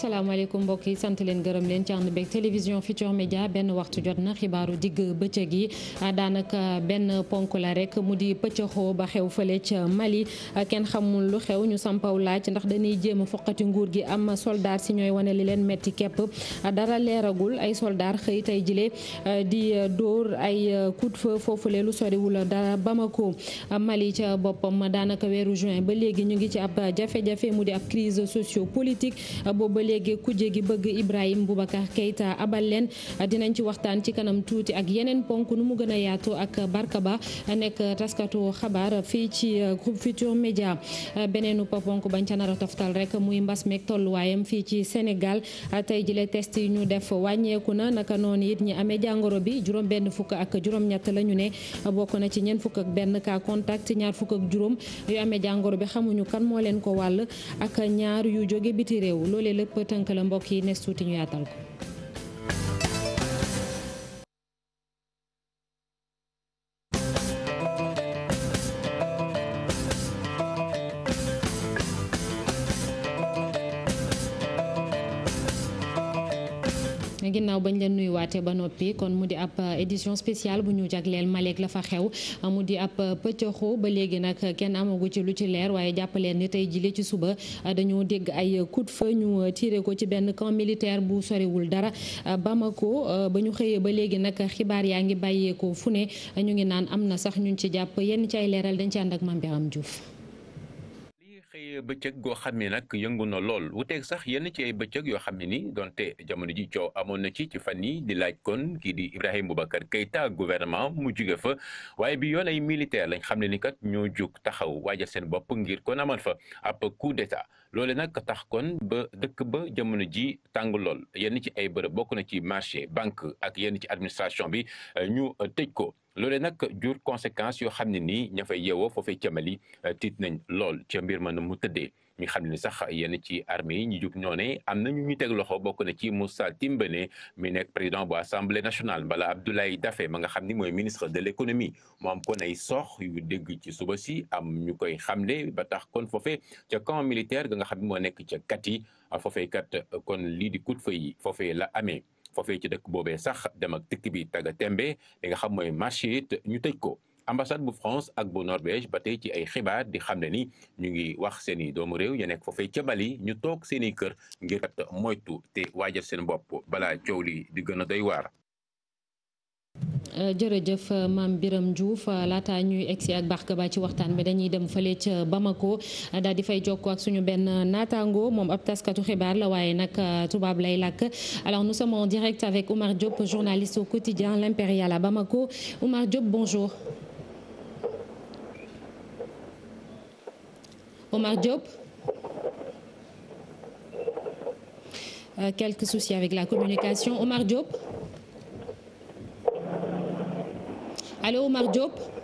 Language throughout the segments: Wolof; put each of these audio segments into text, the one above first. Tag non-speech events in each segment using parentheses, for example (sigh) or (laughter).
salaamaaleykum mbokk yi sant leen gërëm leen ci ànd beeg télévision Futur Média benn waxtu jot na xibaaru digg bëccëg yi daanaka benn ponk la rek mu di pëccëxoo ba xew fële ca Mali kenn xamul lu xew ñu sampaw laaj ndax dañuy jéem a foqati nguur gi am soldaar si ñooy wane li leen metti képp dara leeragul ay soldaar xëy tey jile di dóor ay coup de feu foofule lu soriwul dara Bamako Mali ca boppam daanaka weeru juin ba léegi ñu ngi ci ab jafe-jafe mu di ab crise socio-politique boobu léegi kuje gi bëgg Ibrahim Boubacar Keita abal leen dinañ ci waxtaan ci kanam tuuti ak yeneen ponk nu mu gën a yaatu ak Barka Ba nekk taskatu xabaar fii ci euh, groupe Futur Média euh, beneenu ponk bañ ca nar a toftal rek muy mbas meeg tolluwaayam fii ci Sénégal euh, tey jile test yi ñu def wàññeeku na naka noon it ñi amee jàngoro bi juróom benn fukk ak juróom-ñett la ñu ne bokk na ci ñeent fukk ak benn cas contact ñaar fukk ak juróom yu amee jàngoro bi xamuñu kan moo leen ko wàll ak ñaar yu jóge biti réew loolee lépp koy tënkale mbokk yi nes tuuti ñu yaatal ko. ginnaaw bañ leen nuyuwaatee ba noppi kon mu di ab euh, édition spéciale bu ñu jagleel Malek la fa xew mu di ab euh, pëccëxoo ba léegi nag kenn amagu ci lu ci leer waaye jàppaleen ni tey jile ci suba euh, dañoo dégg ay coup de feu ñu tiré ko ci benn camp militaire bu soriwul dara ba ko ba ñu xëyee ba léegi nag xibaar yaa ngi bàyyeekoo fu ne ñu ngi naan am na sax ñun ci jàpp yenn ci leeral dañ ci ànd ak Mame Birame Diouf ay goo xam ne nag yëngu na lool teg sax yenn ci ay bëccëg yoo xam ne ni donte jamono ji coow amoon na ci ci fan yi di laaj kon kii di Ibrahima Boubacar Keïta gouvernement mu jóge fa waaye bi yoon ay militaire lañ xam ne ni kat ñoo jug taxaw waajal seen bopp ngir kon amal fa ab coup d'état loole nag tax kon ba dëkk ba jamono ji tàng lool yenn ci ay bërëb bokk na ci marché banque ak yenn ci administration bi eh, ñu eh, tëj ko loole nag jur conséquence yoo xam ne nii ña fay yeewoo foofee cëmali euh, tiit nañ lool ca mbir ma nu mu tëddee ñu xam ne sax yenn ci armée yi ñu jug ñoo ne am na ñu ñu teg loxo bokk na ci Moussa Timbene mi nekk président bu assemblée nationale bala Abdoulaye Daffé ma nga xam ni mooy ministre de l' moom mu am kon ay sox yu dégg ci suba si am ñu koy xamle ba tax kon foofee ca camp militaire ga nga xam moo nekk ca kat yi foofee kat kon lii di coup de feu yi la amee. foofee ci dëkk boobee sax dem ak dikk bi tagga tembe li nga xam mooy marché it ñu tëj ko ambassade bu France ak bu Norvège ba tey ci ay xibaar di xam ne ni ñu ngi wax seen i doomu réew ñu nekk foofee ca Mali ñu toog seen i kër ngir kat moytu te waajal seen bopp balaa coow li di gën a day waar Euh, jërëjëf euh, maam Biram njuuf euh, laata ñuy egsi ak Barkaba ci waxtaan bi dañuy dem fële ca Bamako daal di fay jokkoo ak suñu benn naataango moom ab taskatu xibaar la waaye nag tubaab lay làkk alors nous sommes en direct avec Oumar Diop journaliste au quotidien L'Impérial à Bamako Oumar Diop bonjour. Oumar Diop. avec la communication Oumar Diop. allo Omar Diop.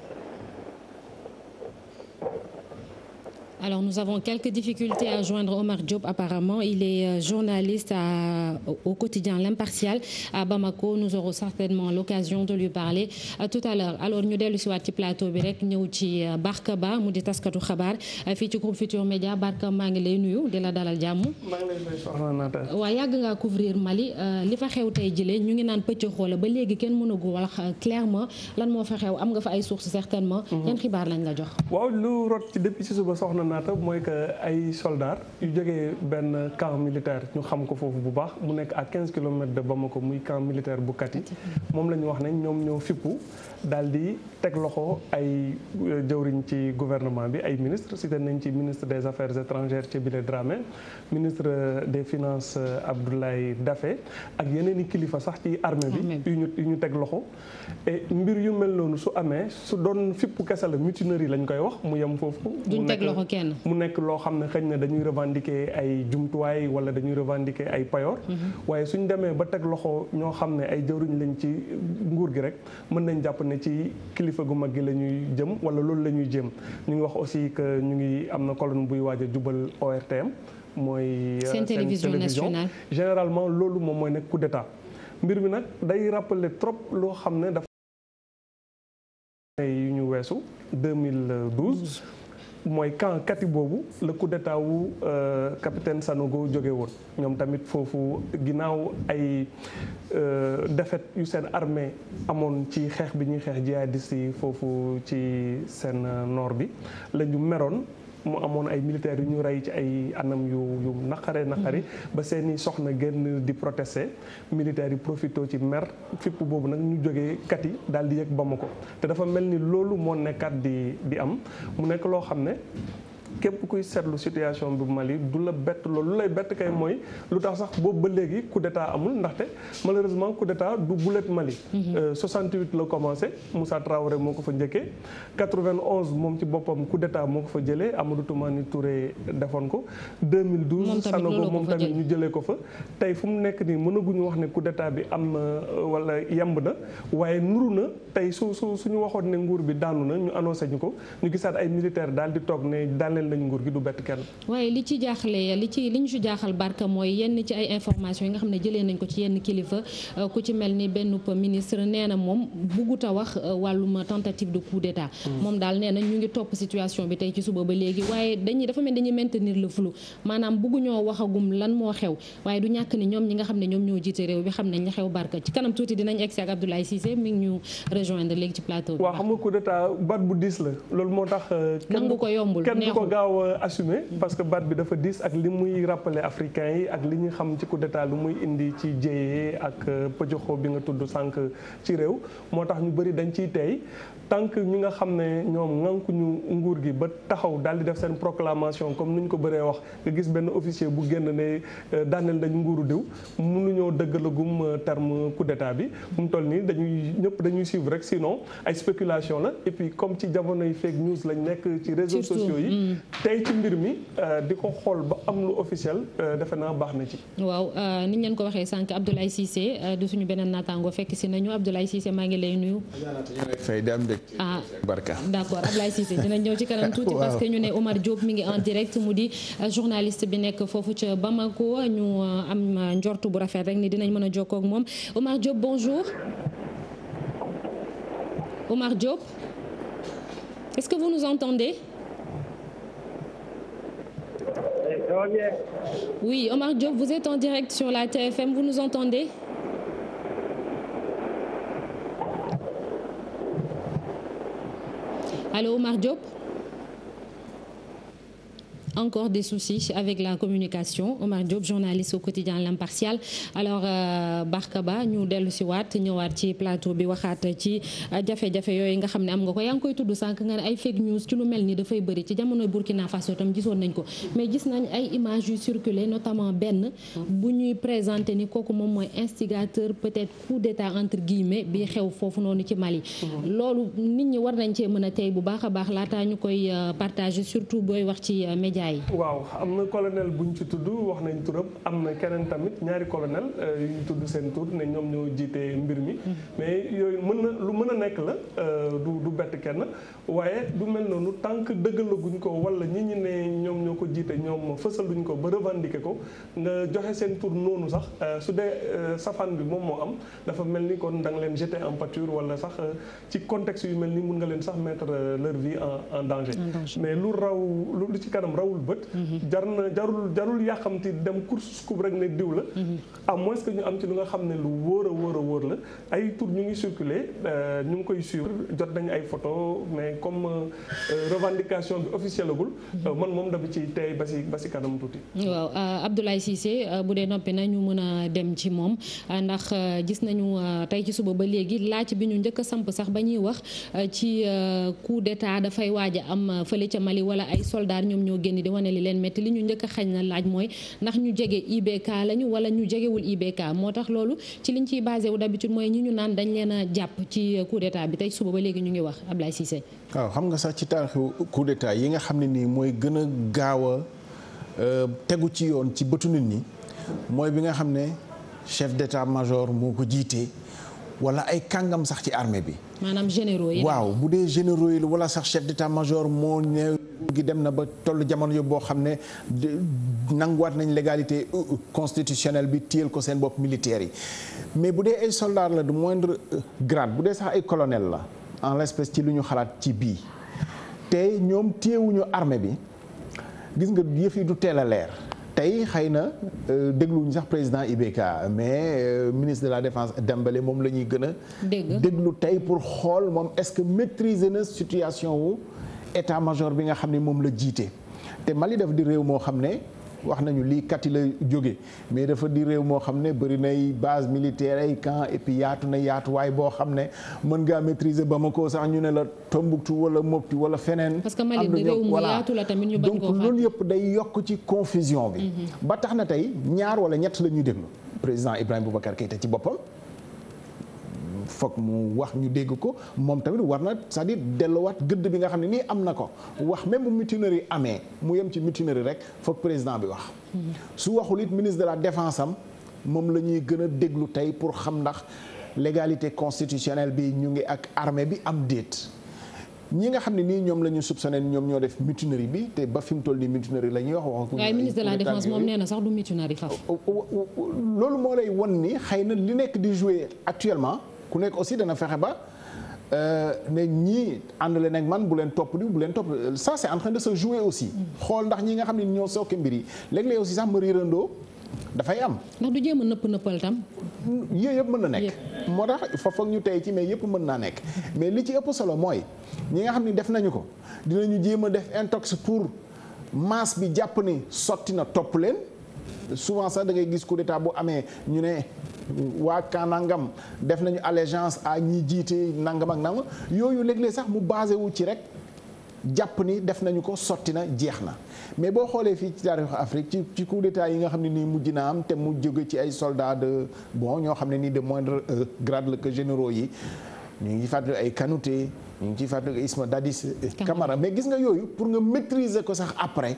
Alors nous avons quelques difficultés à joindre Omar Diop apparemment. Il est euh, journaliste à, au quotidien L'Impartial à Bamako. Nous aurons certainement l'occasion de euh, alors ñu dellu si waat ci plateau bi rek ñëw ci euh, Barka Ba mu di taskatu xabaar fii ci groupe Futur Média Barka maa ngi lay nuyu di la dalal jàmm. maa ngi lay nuyu soxna Naata. waaw yàgg ngaa couvrir Mali li fa xew tey jile ñu ngi naan pëcc xoola ba léegi kenn mënagu wax clairement lan moo fa xew am nga fa ay sources certainement. Mhm. yan xibaar lañ la jox. Sonaata mooy que ay soldats yu jógee benn camp militaire ñu xam ko foofu bu baax mu nekk à 15 kilomètres de ko muy camp militaire bu Kati moom la ñu wax ne ñoom ñoo fippu daal teg loxo ay euh, jëwriñ ci gouvernement bi ay ministre cité nañ ci ministre des affaires étrangères ci Ciré Dramé ministre euh, des finances euh, Abdoulaye Daffé ak yeneen i kilifa sax ci armée bi yu ñu ñu teg loxo et mbir yu mel noonu su amee su doon fippu kese la mutinerie lañ koy wax mu yem foofu duñ teg loxo kenn mu nekk loo xam ne xëñ na dañuy revendiquer ay jumtuwaay wala dañuy revendiquer ay payoor mm-hmm. waaye suñ demee ba teg loxo ñoo xam ne ay jëwriñ lañ ci nguur gi rek mën nañ jàpp kilifa gu mag gi la ñuy jëm wala loolu la ñuy jëm ñu ngi wax aussi que ñu ngi am na kolon buy waaj a jubal ORTM mooy euh, seen télévision nationale généralement loolu moom mooy nekk coup d'état mbir mi nag day rappeler trop loo xam ne dafa yu ñu weesu 2012 mooy camp kati boobu la coup d'état wu euh, capitaine Sanogo jóge woon ñoom tamit foofu ginnaaw ay euh, defet yu seen armée amoon ci xeex bi ñuy xeex jihadistes yi foofu ci seen euh, noor bi lañu meroon mu amoon ay militaires yu ñu rey ci ay anam yu yu naqare naqari mm-hmm. ba seeni soxna génn di protester militaires yi profité ci mer fipp boobu nag ñu jóge kat yi daal di yëg ba mu ko te dafa mel ni loolu moo nekkaat di di am mu nekk loo xam ne képp kuy seetlu situation bu Mali du la bett loolu lu lay bett kay mooy lu tax sax boobu ba léegi coup d'état amul ndaxte malheureusement coup d'état du boulet Mali. 68 mhm. euh, la commencé Moussa Traoré moo ko fa njëkkee 91 moom ci defoon ko. 2012 moom tamit ñu jëlee ko fa. tey fu mu nekk nii mënaguñu wax ne coup bi am na euh, wala yemb na waaye nuru na tey su su suñu waxoon ne nguur bi daanu na ñu annoncé ñu ko ñu gisaat ay militaires daal di toog ne daal daaneel nañ nguur gi du bett kenn. waaye li ci jaaxle li ci li ñu si jaaxal barka mooy yenn ci ay information yi nga xam ne jëlee nañ ko ci yenn kilifa euh, ku ci mel ni benn ministre nee na moom buggut a wax euh, wàllum tentative de coup d'état. Hmm. moom daal nee na ñu ngi topp situation bi tey ci suba ba léegi waaye dañuy dafa mel dañuy maintenir le flou maanaam bugguñoo waxagum lan moo xew waaye du ñàkk ni ñoom ñi nga xam ne ñoom ñoo jiite réew bi xam ne la xew barka ci kanam tuuti dinañ egsi ak Abdoulaye Cissé mi ñu rejoindre léegi ci plateau bi. waaw xam nga coup d'état baat bu diis la loolu moo tax. Euh, kenn du ko yombul ko gaaw a assumer parce que baat bi dafa diis ak li muy rappeler africain yi ak li ñu xam ci coup d'état lu muy indi ci jéyee ak pëjoxoo bi nga tudd sànq ci réew moo tax ñu bëri dañ ciy teey tant que ñi nga xam ne ñoom ŋànkuñu nguur gi ba taxaw daal di def seen proclamation comme ni ñu ko bëree wax nga gis benn officier bu génn ne euh, daaneel dañ nguuru diw mënuñoo dëggalagum euh, terme coup d'état bi mu mu toll nii dañuy ñëpp dañuy suivre rek sinon ay spéculation la et puis comme ci jamonoy fake news lañ nekk ci réseaux sociaux yi hmm. tey ci mbir mi euh, di ko xool ba am lu officiel defe naa baax na ci waaw niñ leen ko waxee sànq Abdoulaye Cissé du suñu beneen naataango ngi lay nuyu rek. ah d'accord Ablaye Cissé dina ci kanam tuuti. (laughs) parce que ñu ne Omar Diop mi ngi en direct mu di euh, journaliste bi nekk foofu ca Bamako ñu euh, am euh, njortu bu rafet rek ni dinañ mën a jokkoo ak moom Omar Diop bonjour. Omar Diop est que vous nous entendez. Oui, Omar Diop, vous êtes en direct sur la TFM, vous nous entendez? allo Mar Diop encore des soucis avec la communication Omar Diop journaliste au quotidien L'Impartial alors euh, Barkaba ñu dellu si waat ñëwaat ci plateau bi waxaat ci jafe-jafe yooyu nga xam ne am nga ko yaa ngi koy tudd sànq nga ne ay fake news ci lu mel ni dafay bari ci jamonoy Burkina Faso tam gisoon nañ ko mais gis nañ ay images yu circulé notamment benn bu ñuy présenté ni kooku moom mooy instigateur peut-être coup d'état entre guillemets bi xew foofu noonu ci Mali loolu nit ñi a tey bu baax a baax laataa ñu koy euh, partager surtout booy wax ci euh, Ndiaye. waaw am na colonel buñ ci tudd wax nañ turam am na keneen tamit ñaari colonel euh, yu ñu tudd seen tur ne ñoom ñoo jiite mbir mi. Mm. mais yooyu mën na lu mën a nekk la euh, du du bett kenn waaye du mel noonu tant que dëggalaguñ ko wala ñi ñi ne ñoom ñoo ko jiite ñoom fësaluñ ko ba revendiquer ko nga joxe seen tur noonu sax euh, su dee safaan bi moom moo am dafa mel ni kon da leen jeter en pâture wala sax ci contexte yu mel ni mun nga leen sax mettre leur vie en en mais lu raw lu ci kanam raw. teewul bët. jar na jarul jarul yàqamti dem course coupe rek ne diw la. Mhm. à moins que ñu am ci lu nga xam ne lu wóor a wóor a wóor la ay tur ñu ngi circuler euh, ñu ngi koy suivre jot nañu ay photo mais comme euh, revendication bi officielle agul. Euh, man moom dama bu dee noppi na ñu mën a dem ci moom ndax gis nañu tey ci suba ba léegi laaj bi ñu njëkk a samp sax ba ñuy wax ci coup d'état dafay waaj a am fële ca Mali wala ay soldats ñoom ñoo génn di wane li leen métti li ñu njëkk a xañ na laaj mooy ndax ñu jege IBK lañu wala ñu jegewul IBK moo tax loolu ci liñ ciy basé wu d'habitude mooy ñi ñu naan dañ leen a jàpp ci euh, coup bi tey suba ba léegi ñu ngi wax Ablaye Cissé. waaw xam nga sax ci taarixu coup d'état yi nga xam ne nii mooy gën a gaaw a euh, tegu ci yoon ci bëtu nit ñi mooy bi nga xam ne chef d'état-major moo ko jiitee wala ay kàngam sax ci armée bi. maanaam généraux waaw bu dee généraux yi wala sax chef d'état-major moo ne gi dem na ba tollu jamono yo boo xam ne nanguwaat nañ légalité euh, euh, constitutionnelle bi téyel ko seen bopp militaires yi mais bu dee ay soldats la du moindre euh, grade bu dee sax ay colonel la en l'espèce ci lu ñu xalaat ci bii te ñoom téyewuñu armée bi gis nga yëf yi du teel a leer. tey xëy na euh, dégluwuñu sax président IBK mais euh, ministre de la défense Dembélé moom la ñuy gën a déglu tey pour xool moom est-ce que maitriser na situation wu état-major bi nga xam ne moom la jiite te Mali def di réew moo xam ne wax nañu lii kati la jóge mais dafa di réew moo xam ne bëri nay base militaire ay camp et puis yaatu na yaatuwaay boo xam ne mën ngaa ba ma Bamako sax ñu ne la Tombouctou wala Mopti wala feneen. parce que Mali di réew mu yaatu la tamit ñu bañ koo donc loolu yëpp day yokk ci confusion bi. Mm-hmm. ba tax na tey ñaar wala ñett la ñuy déglu président Ibrahima Boubacar te ci boppam. foog mu wax ñu dégg ko moom tamit war na sax à dellowaat delluwaat gëdd bi nga xam ne nii am na ko wax même bu mutinerie amee mu yem ci mutinerie rek foog président bi wax. su waxul it ministre de la défense am moom la ñuy gën a déglu tey pour xam ndax légalité constitutionnelle bi ñu ngi ak armée bi am déet. ñi nga xam ne nii ñoom la ñu soupçonné ñoom ñoo def mutinerie bi te ba fi mu toll nii mutinerie la ñuy wax. waxuñu waaye ministre de la défense moom nee na sax du mutinerie faf won ni xëy na li nekk di jouer actuellement. ku nekk aussi dana fexe ba euh, ne ñii ànd leen ak man bu leen topp di bu leen topp ça c'est en train de se aussi. xool ndax ñi nga xam ne ñoo sooke mbir yi léeg-léeg aussi sax ma riirandoo dafay am. ndax du jéem a nëpp nëppal tam. yooyu yëpp mën na nekk. moo tax ñu tey ci mais yëpp mën naa nekk. mais li ci ëpp solo mooy ñi nga xam ne def nañu ko dinañu jéem a def intox pour masse bi jàpp ni sotti na topp leen. souvent sax da ngay gis coup d'état bu amee ñu ne waa kan nangam def nañu allégeance à ñi jiite nangam ak nangam yooyu léeg-léeg sax mu basé wu ci rek jàpp ni def nañu ko sotti na jeex na mais boo xoolee fii ci taarix Afrique ci ci coup d'état yi nga xam ne nii mujj na am te mu jóge ci ay soldats bon ñoo xam ne nii de moindre euh, grade que généraux yi ñu ngi fàttali ay Kanouté ñu ngi ciy fàttali Isma Dadis Camara mais gis nga yooyu pour nga maîtriser ko sax après.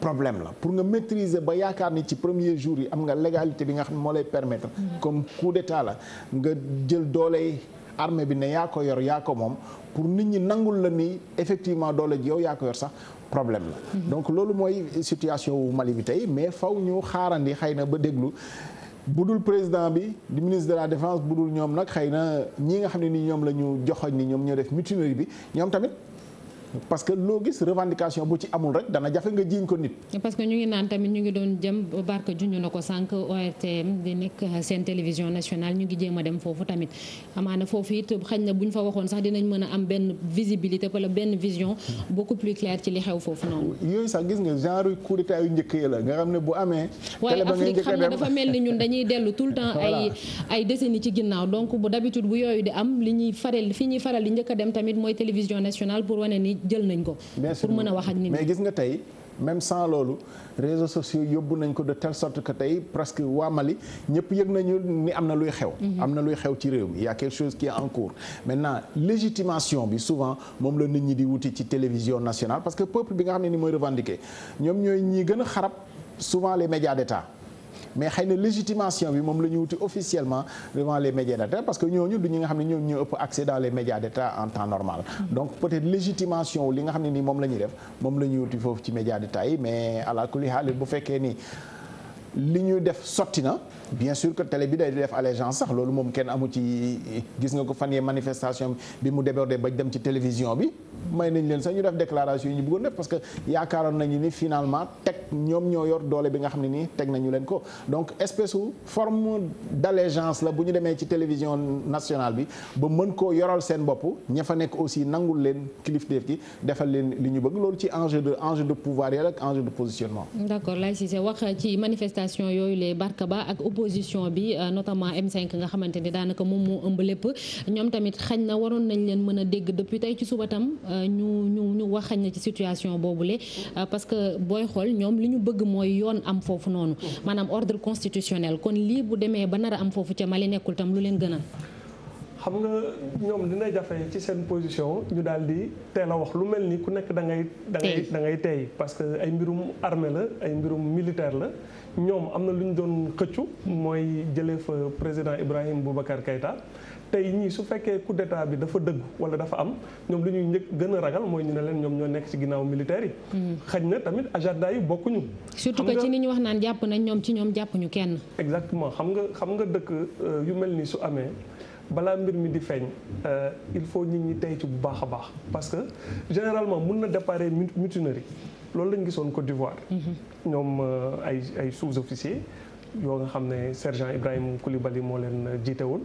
problème la pour nga maitriser ba yaakaar ni ci premier jour yi am nga légalité bi nga xam ne moo lay permetre comme coup d'état la nga jël doole armée bi ne yaa ko yor yaa ko moom pour nit ñi nangul la mi effectivement doole ji yow yaa ko yor sax problème la hmm. donc loolu mooy situation wu Mali bi tey mais faw ñu xaarandi xëy na ba déglu bu dul président bi di ministre de la défense bu dul ñoom nag xëy na ñi nga xam ne ni ñoom la ñu joxoñ ni ñoom ñoo def mutinerie bi ñoom tamit parce que loo gis revendication bu ci amul rek dana jafe nga jiiñ ko nit. parce que ñu ngi naan tamit ñu ngi doon jëm barka juñu na ko sànq ORTM di nekk seen télévision nationale ñu ngi jéem a dem foofu tamit amaana foofu it xëy na bu ñu fa waxoon sax dinañ mën a am benn visibilité wala benn vision beaucoup plus claire ci li xew foofu noonu. yooyu sax gis nga genre coup d'état yu njëkk yi la nga xam ne bu amee. waaye Afrique nga dafa mel ni dellu tout le temps (laughs) ay ci ginnaaw donc bu yooyu di am li ñuy faral fi faral di njëkk dem tamit mooy télévision nationale pour wane ni jël nañ ko. pour mën a wax ak nit ñi mais gis nga tey même sans loolu réseaux sociaux yóbbu nañ ko de telle sorte que tey presque waa Mali ñëpp yëg nañu ni am na luy xew. Mhm. am na luy xew ci réew mi y a quelque chose qui est en cours maintenant légitimation bi souvent moom la nit ñi di wuti ci télévision nationale parce que peuple bi nga xam ne ni mooy revendiquer ñoom ñooy ñi gën a xarab souvent les médias d'État. mais xëy na légitimation bi moom la ñu wuti officiellement devant les médias d'État parce que ñooñu du ñi nga xam ne ñoom ñoo ëpp accès dans les médias d'État en temps normal donc peut-être légitimation li nga xam ne nii moom la ñuy def moom la ñuy wuti foofu ci médias d'État yi mais àla kulli haal bu fekkee ni li ñu def sotti na bien sûr que télé bi day def allégeance sax loolu moom kenn amu ci gis nga ko fan yee manifestation bi mu débordé bañ dem ci télévision bi may nañ leen sax ñu def déclaration yi ñu bëggoon def parce que yaakaaroon nañu ni finalement teg ñoom ñoo yor doole bi nga xam ne nii teg nañu leen ko donc espèce u forme d'allégeance la bu ñu demee ci télévision nationale bi ba mën koo yoral seen bopp ña fa nekk aussi nangul leen kilif gi defal leen li ñu bëgg loolu ci enjeu de enjeu de pouvoir ak enjeu de positionnement. d'accord lay concertation yooyu les Barkaba ak opposition bi euh, notamment M5 nga xamante ni daanaka moom moo ëmb lépp ñoom tamit xañ na waroon nañ leen mën a dégg depuis tey ci suba tam euh, ñu ñu ñu wax xañ na ci situation boobule euh, parce que booy xool ñoom li ñu bëgg mooy yoon am foofu noonu maanaam ordre constitutionnel kon lii bu demee ba nar am foofu ca Mali nekkul tam lu leen gënal xam nga ñoom dina jafe ci seen position ñu daal di teel a wax lu mel ni ku nekk da ngay da da ngay teey parce que ay mbirum armée la ay mbirum militaire la ñoom am na lu ñu doon xëccu mooy jëlee fa président Ibrahim Boubacar Keïta tey ñii su fekkee coup d'état bi dafa dëgg wala dafa am ñoom lu ñuy njëkk gën a ragal mooy ñu ne leen ñoom ñoo nekk ci ginnaaw militaire yi hmm. xañ na tamit agenda yi bokkuñu surtout que ci ni ñu wax naan jàpp nañ ñoom ci ñoom jàppuñu kenn exactement xam nga xam nga dëkk euh, yu mel ni su amee balaa mbir mi di feeñ euh, il faut nit ñi tey ci bu baax a baax parce que généralement mun na déparer mutinerie loolu lañu gisoon Côte d'Ivoire. Mm-hmm. ñoom euh, ay ay sous-officiers yoo nga xam ne sergent Ibrahim Koulibaly moo leen jiite woon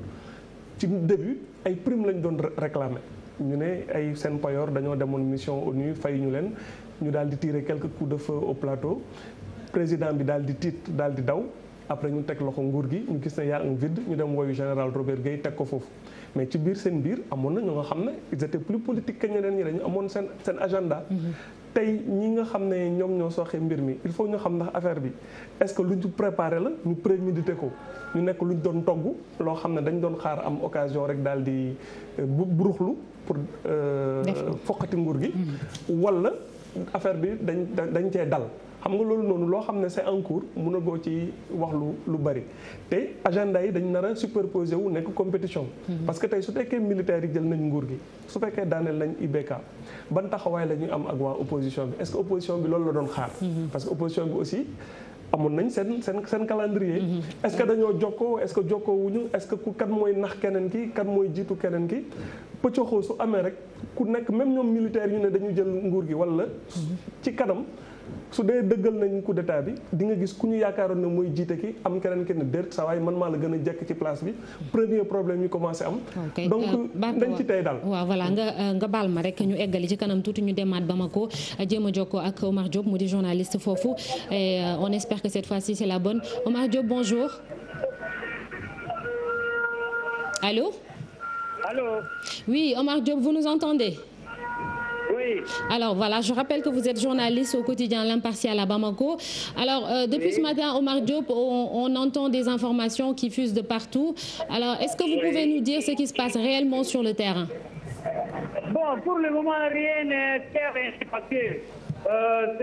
ci début ay prime lañ doon réclamer ñu ne ay seen payoor dañoo demoon mission ONU fay ñu leen ñu daal di tiire quelques coups de feu au plateau président bi daal di tiit daal di daw. après ñu teg loxo nguur gi ñu gis ne y a vide ñu dem woyu général Robert Guèye teg ko foofu mais ci biir seen biir amoon na ñu nga xam ne ils étaient plus politiques que ñeneen ñi dañu amoon seen seen agenda mhm. tey ñi nga xam ne ñoom ñoo soxee mbir mi il faut ñu xam ndax affaire bi est-ce que lu ñu préparé la ñu prémédité ko ñu nekk lu ñu doon togg loo xam ne dañ doon xaar am occasion rek daal di euh, bu buruxlu pour euh, foqati nguur gi mhm. walla affaire bi dañ dañ cee dal xam nga loolu noonu loo xam ne c'est en cours mën ci wax lu lu bari te agenda yi dañ nara superposé wu nekk compétition mhm. parce que tey su tekkee militaires yi jël nañ nguur gi su fekkee daaneel nañ IBK ban taxawaay la ñuy am ak waa opposition bi est-ce que opposition bi loolu la doon xaar mhm. parce que opposition bi aussi amoon nañ seen seen seen calendrier mhm. est-ce que dañoo jokkoo est-ce que jokkoo wuñu est-ce que ku kat mooy nax keneen ki kat mooy jiitu keneen ki pëccoxoo su amee rek ku nekk même ñoom militaires yu ne dañu jël nguur gi wala ci kanam su dee dëggal nañ coup d'état bi di nga gis ku ñu yaakaaroon ne mooy jiite ki am keneen kenn déet sa waay man maa la gën a jekk ci place bi premier problème yi commencé am. donc euh, dañ ci tey daal. waaw voilà nga euh, nga baal ma rek ñu eggali ci kanam tuuti ñu demaat Bamako euh, jéem a jokkoo ak Omar Diop mu di journaliste foofu on espère que cette fois-ci c'est la bonne Omar Diop bonjour allô. allô. oui Omar Diop vous nous entendez. Alors voilà, je rappelle que vous êtes journaliste au quotidien L'Impartial à Bamako. Euh, depuis ce matin, Omar Diop, on, entend des informations qui fusent de partout. est-ce que vous pouvez nous dire ce qui se passe réellement sur le terrain euh,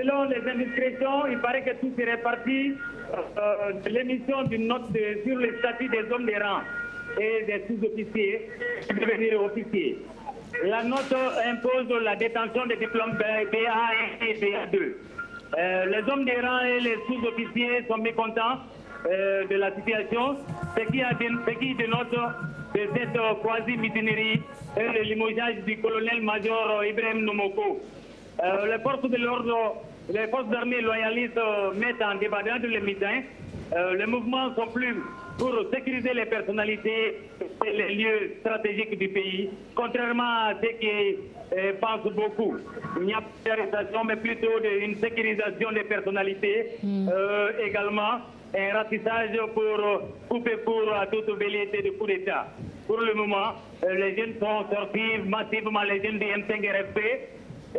il paraît que tout serait parti euh, de l'émission d'une note sur le statut des hommes des et des sous-officiers devenir officiers. la note impose la détention des diplômes BA1 et BA2. Euh, les hommes des et les sous-officiers sont mécontents euh, de la situation, ce qui, a, ce qui dénote de cette quasi-mutinerie et le limogeage du colonel-major Ibrahim Nomoko. Euh, les de l'ordre les forces armées loyalistes euh, mettent en débandade les militants, euh, les mouvements sont plus pour sécuriser les personnalités et les lieux stratégiques du pays, contrairement à ce qui eh, pensent beaucoup. Il n'y a pas d'arrestation, mais plutôt une sécurisation des personnalités, mm. également un ratissage pour couper court à toute velléité de coup d'État. Pour le moment, euh, les jeunes sont sortis massivement, les jeunes du M5 RFP,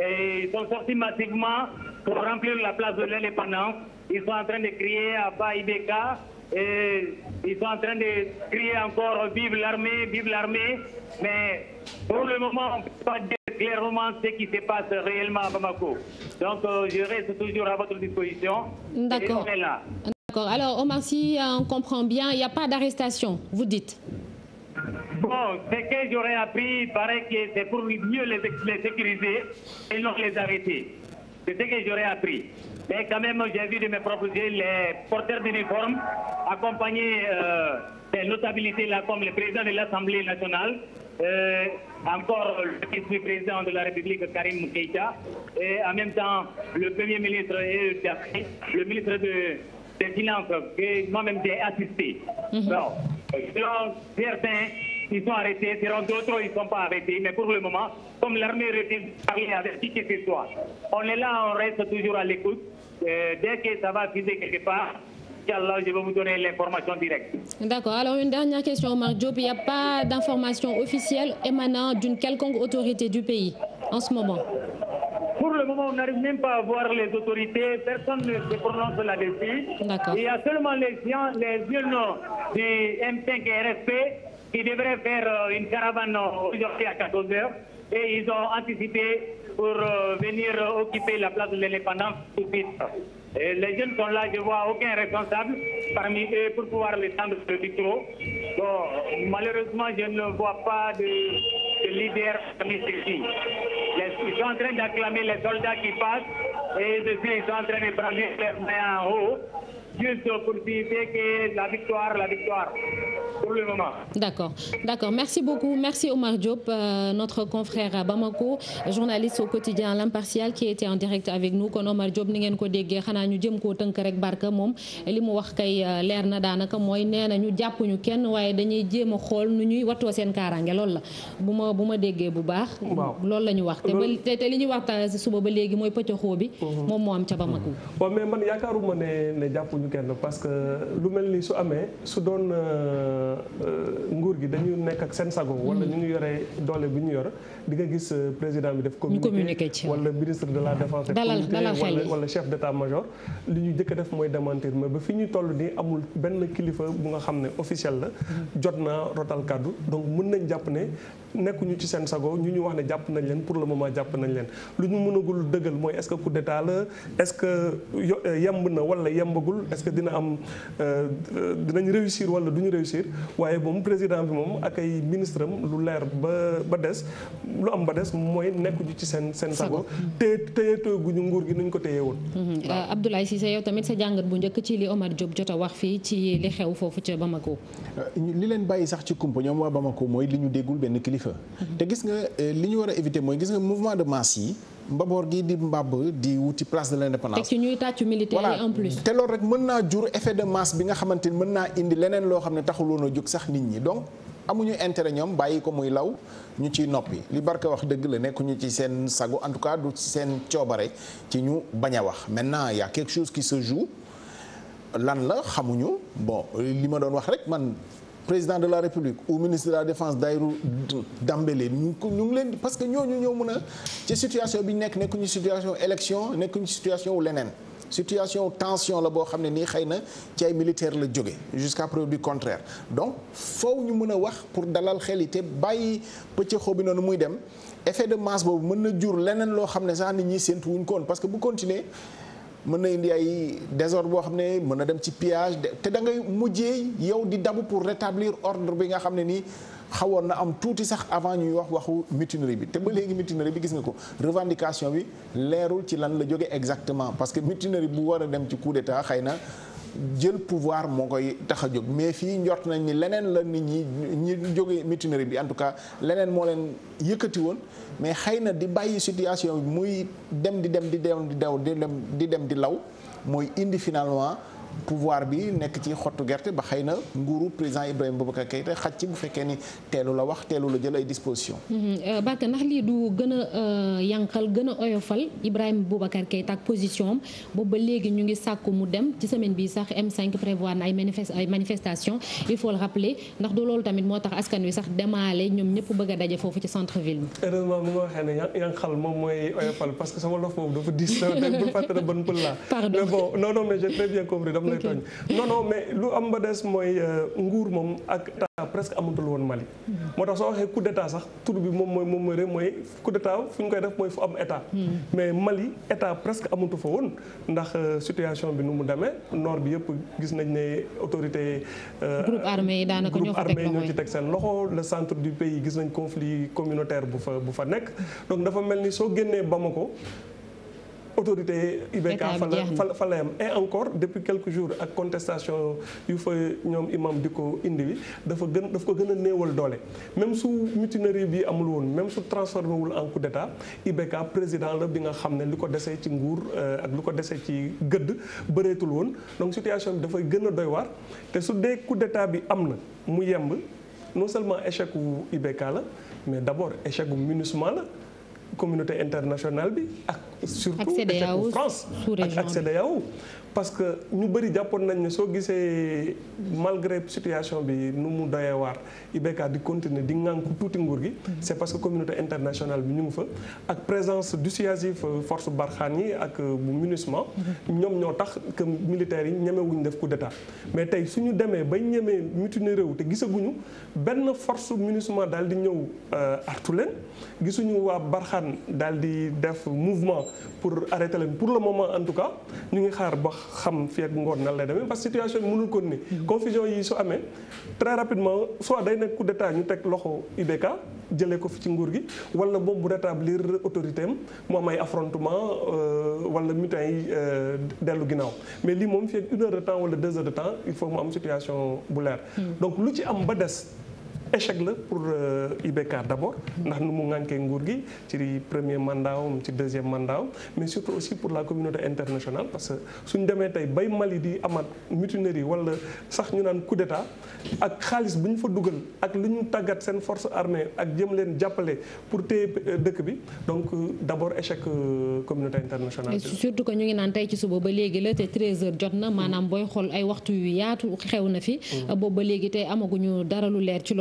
et sont sortis massivement pour remplir la place de l'indépendance. Ils sont en train de crier à bas Ibeka ils sont en train de crier encore vive l'armée, vive l'armée. Mais pour le moment, on peut pas dire clairement ce qui se passe réellement à Bamako. Donc euh, je reste toujours à votre disposition. D'accord. D'accord. Alors Omar, euh, on comprend bien, il n'y a pas d'arrestation, vous dites. Bon, ce que j'aurais appris, paraît que c'est pour mieux les, les et non les arrêter. C'est ce que j'aurais appris. Mais quand même, j'ai vu de mes propres les porteurs d'uniformes accompagnés euh, des notabilités comme le président de l'Assemblée nationale, euh, encore le président de la République, Karim Keïta, et en même temps le premier ministre et le ministre de, des que moi-même j'ai assisté. Mm certains, Ils sont arrêtés, seront d'autres, ils ne sont pas arrêtés. Mais pour le moment, comme l'armée refuse de parler avec qui que ce soit, on est là, on reste toujours à l'écoute. Euh, dès que ça va viser quelque part, Inch'Allah, je vais vous donner l'information directe. D'accord. une dernière question, Omar Diop. Il n'y a pas d'information officielle émanant d'une quelconque autorité du pays en ce moment Pour le moment, on n'arrive même pas à les autorités. Personne a qui devrait faire une caravane aujourd'hui à 14 heures. Et ils ont anticipé pour eh, venir eh, occuper la place eh, de l'indépendance tout de Et les jeunes sont là, je vois aucun responsable parmi eux pour pouvoir les tendre le micro. Bon, malheureusement, je ne vois pas de, leader parmi ceux Ils sont en train d'acclamer les soldats qui passent et ils sont en train de brandir leurs mains en haut. juste pour dire que la victoire, Merci beaucoup. Merci Omar Diop, euh, notre confrère à Bamako, journaliste au quotidien L'Impartial qui était en direct avec nous. Kon Omar Diop ni ngeen ko déggee xanaa ñu jëm koo tënk rek barka moom li mu wax kay euh, leer na daanaka mooy nee na ñu jàppuñu kenn waaye dañuy jéem a xool nu ñuy wattoo seen kaaraange loolu la bu ma bu ma déggee bu baax. loolu la ñu wax te li ñuy waxtaan si suba ba léegi mooy pëcc xoo bi. Mhm. moom moo am ca Bamako. Mhm. waaw mais man yaakaaruma ne jàppuñu amul genn parce que lu mel nii su amee su doon euh, euh, nguur gi dañu nekk ak seen sago. wala mm-hmm. ñu ngi yore doole bu ñu yor di nga gis euh, président bi def. communiqué wala ministre de la défense. dalal dalal wala chef d' état major. li ñu njëkk a def mooy démentir mais ba fi ñu toll nii amul benn kilifa bu nga xam ne officiel la. Mm-hmm. jot naa rotal kàddu donc mën nañ jàpp ne. nekkuñu ci seen sago ñu ñu wax ne jàpp nañ leen pour le moment jàpp nañ leen lu ñu mënagul dëggal mooy est-ce que coup d'état la que euh, yemb na wala yembagul est que dina am euh, dinañ réussir wala du ñu réussir waaye moom président bi moom ak ay ministre am lu leer ba ba des lu am ba des mooy ñu ci seen seen sago téye téye guñu nguur gi nuñ ko teyee woon mm-hmm. euh, Abdoulaye Cissé yow tamit sa jàngat bu njëkk ci li Omar jot a wax fii ci li xew foofu ca Bamako li leen bàyyi sax ci kumpa kilifa. te gis nga euh, li ñu war a éviter mooy gis nga mouvement de masse yi. mbaboor gi di mbàbb di wuti place de l'indépendance. teg yi en plus. te loolu rek mën naa jur effet de masse bi nga xamante mën naa indi leneen loo xam ne taxul jóg sax nit ñi donc amuñu intérêt ñoom bàyyi ko muy law ñu ciy noppi li Barka wax dëgg la ñu ci seen sago en tout cas du seen coobare ci ñu bañ wax maintenant y a quelque chose qui se joue lan la xamuñu bon li ma doon wax rek président de la république ou ministre de la défense Dairou Dambélé ñu ñu ngi leen parce que ñooñu ñoo mën a ci situation bi ñu nekk nekkuñu situation élection nekkuñu situation wu leneen situation tension la boo xam ne nii xëy na ci ay militaire la jóge jusqu'à preuve du contraire donc foofu ñu mun a wax pour dalal xel yi te bàyyi pëccëxoo bi noonu muy dem effet de masse boobu mën na jur leneen loo xam ne sax nit ñi séntu wuñ koon parce que bu continuer mën na indi ay désordre boo xam ne mën na dem ci pillage te da ngay mujjee yow di dabu pour rétablir ordre bi nga xam ne nii xawoon na am tuuti sax avant ñuy wax waxu mutinerie bi te ba léegi mutinerie bi gis nga ko revendication bi leerul ci lan la jóge exactement parce que mutinerie bu war a dem ci coup d'état xëy na jël pouvoir moo koy tax a jóg mais fii njort nañ ni leneen la nit ñi ñi jóge mutinerie bi en tout cas leneen moo leen yëkkati woon mais xëy na di bàyyi situation bi muy dem di dem di dem di daw di dem di dem di law mooy indi finalement pouvoir bi nekk ci xottu gerte ba xëy na nguuru président Ibrahima Boubacar Keïta xaj ci bu fekkee ni teelu la wax teelu la jël ay disposition mm-hmm. euh, Bakka ndax lii du gën a euh, yànqal gën a oyofal Ibrahima Boubacar Keïta ak position boobu léegi ñu ngi sàkku mu dem ci semaine bi sax M5 prévoir na ay manifes ay manifestation il faut le rappeler ndax du loolu tamit moo tax askan wi sax demaale ñoom ñëpp bëgg a daje foofu ci centre ville bi. heureusement bu ma waxee ne yànqal moom mooy oyofal parce que sama lay tooñ non mais lu am ba des mooy euh, nguur moom ak état presque amatul woon Mali mm-hmm. moo tax soo waxee coup d'état sax tur bi moom mooy moom mooy rek mooy coup d'état fu ñu koy def mooy fu am état mm-hmm. mais Mali état presque amatu fa woon ndax euh, situation bi nu mu demee noor bi yëpp gis nañ ne autorité euh, groupe armé yi daanaka ñoo ci teg seen loxo le centre du pays gis nañ conflit communautaire bu fa bu fa nekk donc dafa mel ni soo génnee ko autorité IBK fa la fa la yam et encore depuis quelques jours ak contestation yu fa ñoom imam di ko indi bi dafa gën daf ko gën a néewal doole même su mutinerie bi amul woon même su transformé wul en coup d'état IBK président la bi nga xam ne li ko desee ci nguur euh, ak li ko desee ci gëdd bëreetul woon donc situation bi dafay gën a doy waar te su dee coup d'état bi am na mu yemb non seulement échec wu IBK la mais d'abord échec wu MINUSMA la communauté internationale bi ak surtout ak France ak ak CEDEAO parce que ñu bëri jàppoon nañ ne soo gisee malgré situation bi nu mu doyee waar IBK di continuer di ŋànku tuuti nguur gi mhm. c' parce que communauté internationale bi ñu ngi fa ak présence dissuasive euh, force Barkhane yi ak euh, bu MINUSMA mhm. ñoom ñoo tax que militaires yi ñemewuñ def coup d' mais tey suñu demee ba ñemee mutine réew te gisaguñu benn force MINUSMA daal di ñëw euh, artu leen gisuñu waa Barxaan daal di def mouvement pour arrêter leen pour le moment en tout cas ñu ngi xaar ba xam fii ak ngoon nan lay demee parce que situation mënul ko ni mm-hmm. confusion yi su amee très rapidement soit day nekk coup ñu teg loxo IBK jëlee ko fi ci nguur gi wala boobu bu rétablir autorité am mu am ay affrontement euh, wala mutin yi euh, dellu ginnaaw mais lii moom fii ak une heure de temps wala deux heures de temps il faut mu am situation bu leer mm-hmm. donc échec la pour IBK euh, d'abord ndax nu mu ŋànkee nguur gi ci premier mandat am ci mais surtout aussi pour la communauté internationale parce que suñ demee tey bay Mali di amaat mutinerie wala sax ñu naan coup d'état ak xaalis bu ñu fa dugal ak lu ñu tàggat seen force armee ak jëm leen jàppale pour téye euh, dëkk bi donc euh, d'abord échec communauté internationale. surtout que ñu ngi naan tey ci suba ba léegi la te 13h jot na maanaam booy xool ay waxtu yu yaatu xew na fi.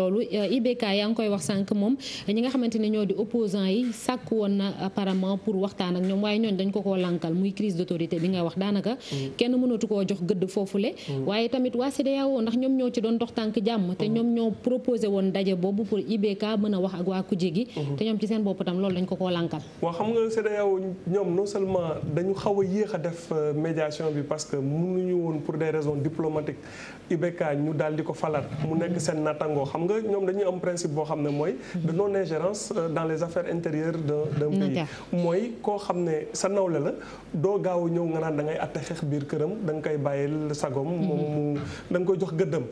Mm. loolu euh, IBK yaa ngi koy wax sànq moom ñi nga xamante ne ñoo di opposants yi sàkk woon na apparemment pour waxtaan ak ñoom waaye ñooñ dañ ko koo lànkal mm. mm. waa a xam nga CEDEAO ñoom non seulement dañu xaw a yéex a def euh, médiation bi parce que mënuñu woon pour des raisons diplomatiques IBK ñu daal ko falaat mu nekk seen nattango ñoom dañuy am principe boo xam ne mooy de non ingérence euh, dans les affaires intérieures d'un mm, pays mooy koo xam ne sa nawle la doo gaaw ñëw nga naan da ngay atte xeex biir këram da nga koy bàyyil sagoom mm-hmm. moom mu danga nga koy jox gëddam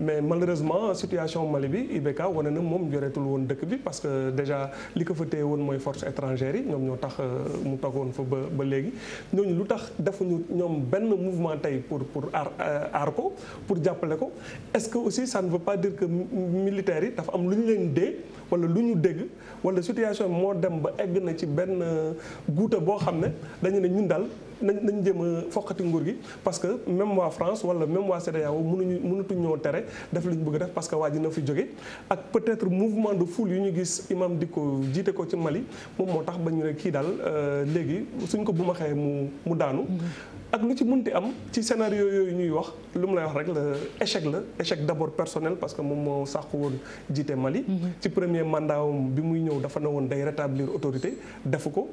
mais malheureusement situation Mali bi IBK wane na moom joreetul woon dëkk bi parce que déjà li ko fa téye woon mooy force étrangère yi ñoom ñoo tax euh, mu toog fa ba ba léegi ñooñu lu tax defuñu ñoom benn mouvement tey pour pour aar euh, aar ko pour jàppale ko est-ce que aussi ça ne veut pas dire que militaires yi dafa am lu ñu leen dee wala lu ñu dégg wala situation moo dem ba egg na ci benn euh, guuta boo xam ne dañu ne ñun daal nañ nañ jëm a foqati nguur gi parce que même waa France wala même waa CEDEAO mënuñu mënatuñ ñoo tere def li ñu bëgg def parce que waa ji na fi jóge ak peut-être mouvement de foule yu ñu gis imam di ko jiite ko ci Mali moom moo tax ba ñu ne kii daal euh, léegi suñ ko bu ma xee mu mu daanu mm-hmm. ak lu ci munti am ci scénario yooyu ñuy wax lu mu lay wax rek la échec la échec d'abord personnel parce que moom moo sàq woon jiite Mali. Mhm. ci premier mandat bi muy ñëw dafa ne woon day rétablir autorité defu ko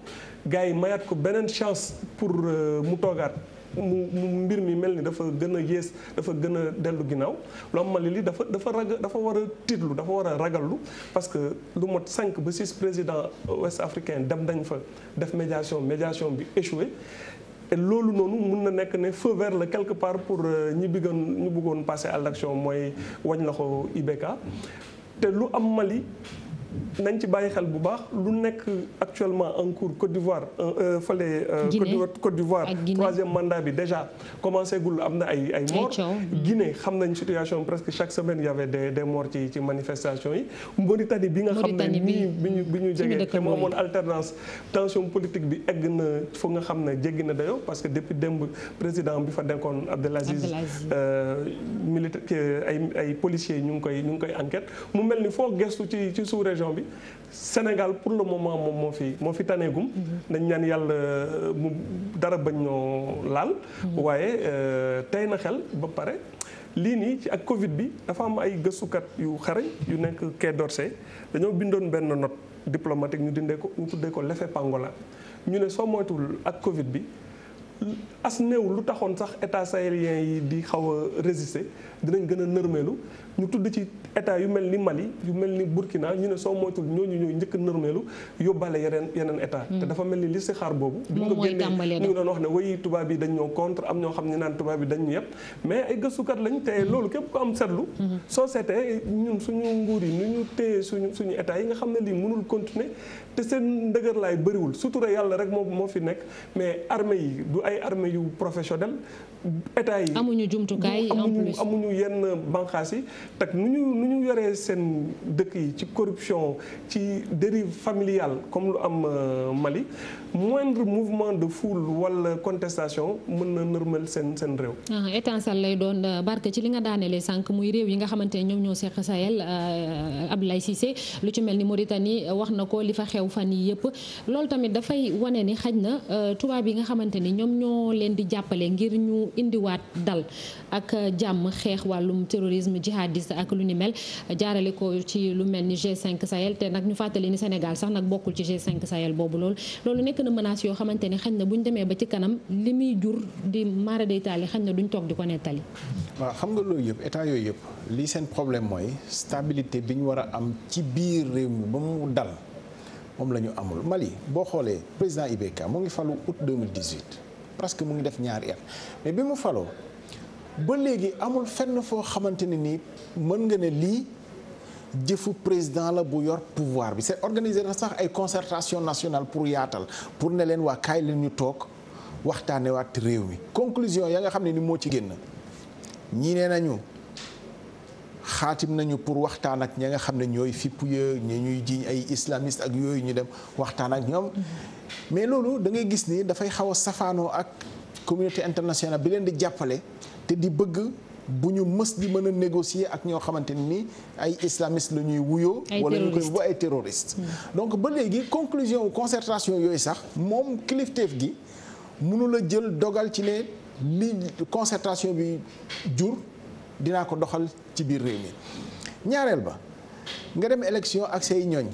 gars yi mayaat ko beneen chance pour euh, mu toogaat. mu mbir mi mel ni dafa gën a yées dafa gën a dellu ginnaaw loo mali li dafa dafa ragal dafa war a tiitlu dafa war a ragallu parce que lu mot cinq ba six président ouest africain dem dañ fa def médiation médiation bi échoué et loolu noonu mun na nekk ne feu vert la quelque part pour euh, ñi bëggoon ñi bëggoon passer à l'action mooy wañ la ko IBK te lu am Mali nañ ci bàyyi xel bu baax lu nekk actuellement en cours Côte d'Ivoire euh, euh, fële. Euh, Côte d'Ivoire troisième mandat bi déjà commencé gul am na ay ay morts. Mm-hmm. Guinée xam nañ situation presque chaque semaine y avait des des morts ci ci manifestation yi. Mauritanie bi nga xam ne nii bi ñu bi ñu jege te mu amoon alternance tension politique bi egg na fu nga xam ne jéggi na dayo parce que depuis démb président bi fa denkoon Abdelaziz militaire ay ay policiers ñu ngi koy ñu ngi koy enquête mu mel ni foo gestu ci ci région bi Sénégal pour le moment moom moo fi moo fi taneegum dañ ñaan yàlla euh, mu dara bañ ñoo laal waaye euh, tey na xel ba pare lii nii ci ak covid bi dafa am ay gëstukat yu xarañ yu nekk Quai d'Orsay dañoo bindoon benn note diplomatique ñu dindee ko ñu tuddee ko l'effet Pangola ñu ne soo moytuwul ak covid bi as néew lu taxoon sax état sahélien yi di xaw a résister dinañ gën a ñu tudd ci état yu mel ni Mali yu mel ni Burkina ñu ne soo moytul ñooñu ñooy njëkk a nërmeelu yóbbaale yeneen yeneen état hmm. te dafa mel ni li si xaar boobu bi ñu ko génnee ñu ngi doon wax ne wayi tubaab yi dañ ñoo yi dañ ñu yëpp mais ay gëstukat lañ te hmm. loolu képp ko am seetlu hmm. soo seetee ñun suñu nguur yi nu ñu téye suñu suñu état yi nga xam ne lii mënul continuer te seen ndëgër laay bëriwul sutura yàlla rek moo fi nekk mais armée yi du ay armée yu professionnel état yi amuñu jumtukaay amuñu ñu yenn bànqaas yi tak nu ñu nu seen dëkk yi ci corruption ci dérive familiale comme lu am euh, Mali moindre mouvement de foule wala contestation mën na normal seen seen réew. Ah, étincelle lay doon euh, barke ci li nga daanelee sànq muy réew yi nga xamante ne ñoom ñoo seq Sahel euh, Abdoulaye Cissé lu ci mel ni Mauritanie wax na ko li fa xew fan yi yëpp loolu tamit dafay wane ni xaj na tubaab yi nga xamante ni ñoom ñoo leen di jàppale ngir ñu indiwaat dal ak jàmm xeex xeex wàllum terrorisme jihadiste ak lu ni mel jaarale ko ci lu mel ni g nag ñu fàttali ni Sénégal sax nag bokkul ci G5 boobu loolu loolu nekk na menace yoo xamante ni xëy na bu ñu demee ba ci kanam li muy jur di mara day taali xëy na duñ toog di ko nettali. waaw xam nga loolu yëpp état yooyu yëpp li seen problème mooy stabilité bi ñu war a am ci biir réew mi ba mu dal moom la ñu amul Mali boo xoolee président IBK mu ngi falu août 2018 parce que mu ngi def ñaar at mais bi mu faloo. ba léegi amul fenn foo xamante ne nii mën nga ne lii jëfu président la bu yor pouvoir bi c'est organiser na sax ay concertation nationale pour yaatal pour ne leen waa kaay leen ñu toog waxtaane waat réew mi conclusion ya nga xam ne ni moo ci génn ñii nee nañu xaatim nañu pour waxtaan ak ña nga xam ne ñooy fipp ya ñi ñuy jiiñ ay islamiste ak yooyu ñu dem waxtaan ak ñoom mais loolu dangay gis ni dafay xaw a safaanoo ak communauté internationale bi leen di jàppale te di bëgg bu ñu mës di mën a négocier ak ñoo xamante ni ay islamiste la ñuy wuyoo. wala ñu koy bu ay terroriste hmm. donc ba léegi conclusion concertation yooyu sax moom kilifteef gi mënula jël dogal ci ne li concertation bi jur dinaa ko doxal ci biir réew mi. ñaareel ba nga dem élection ak say ñooñ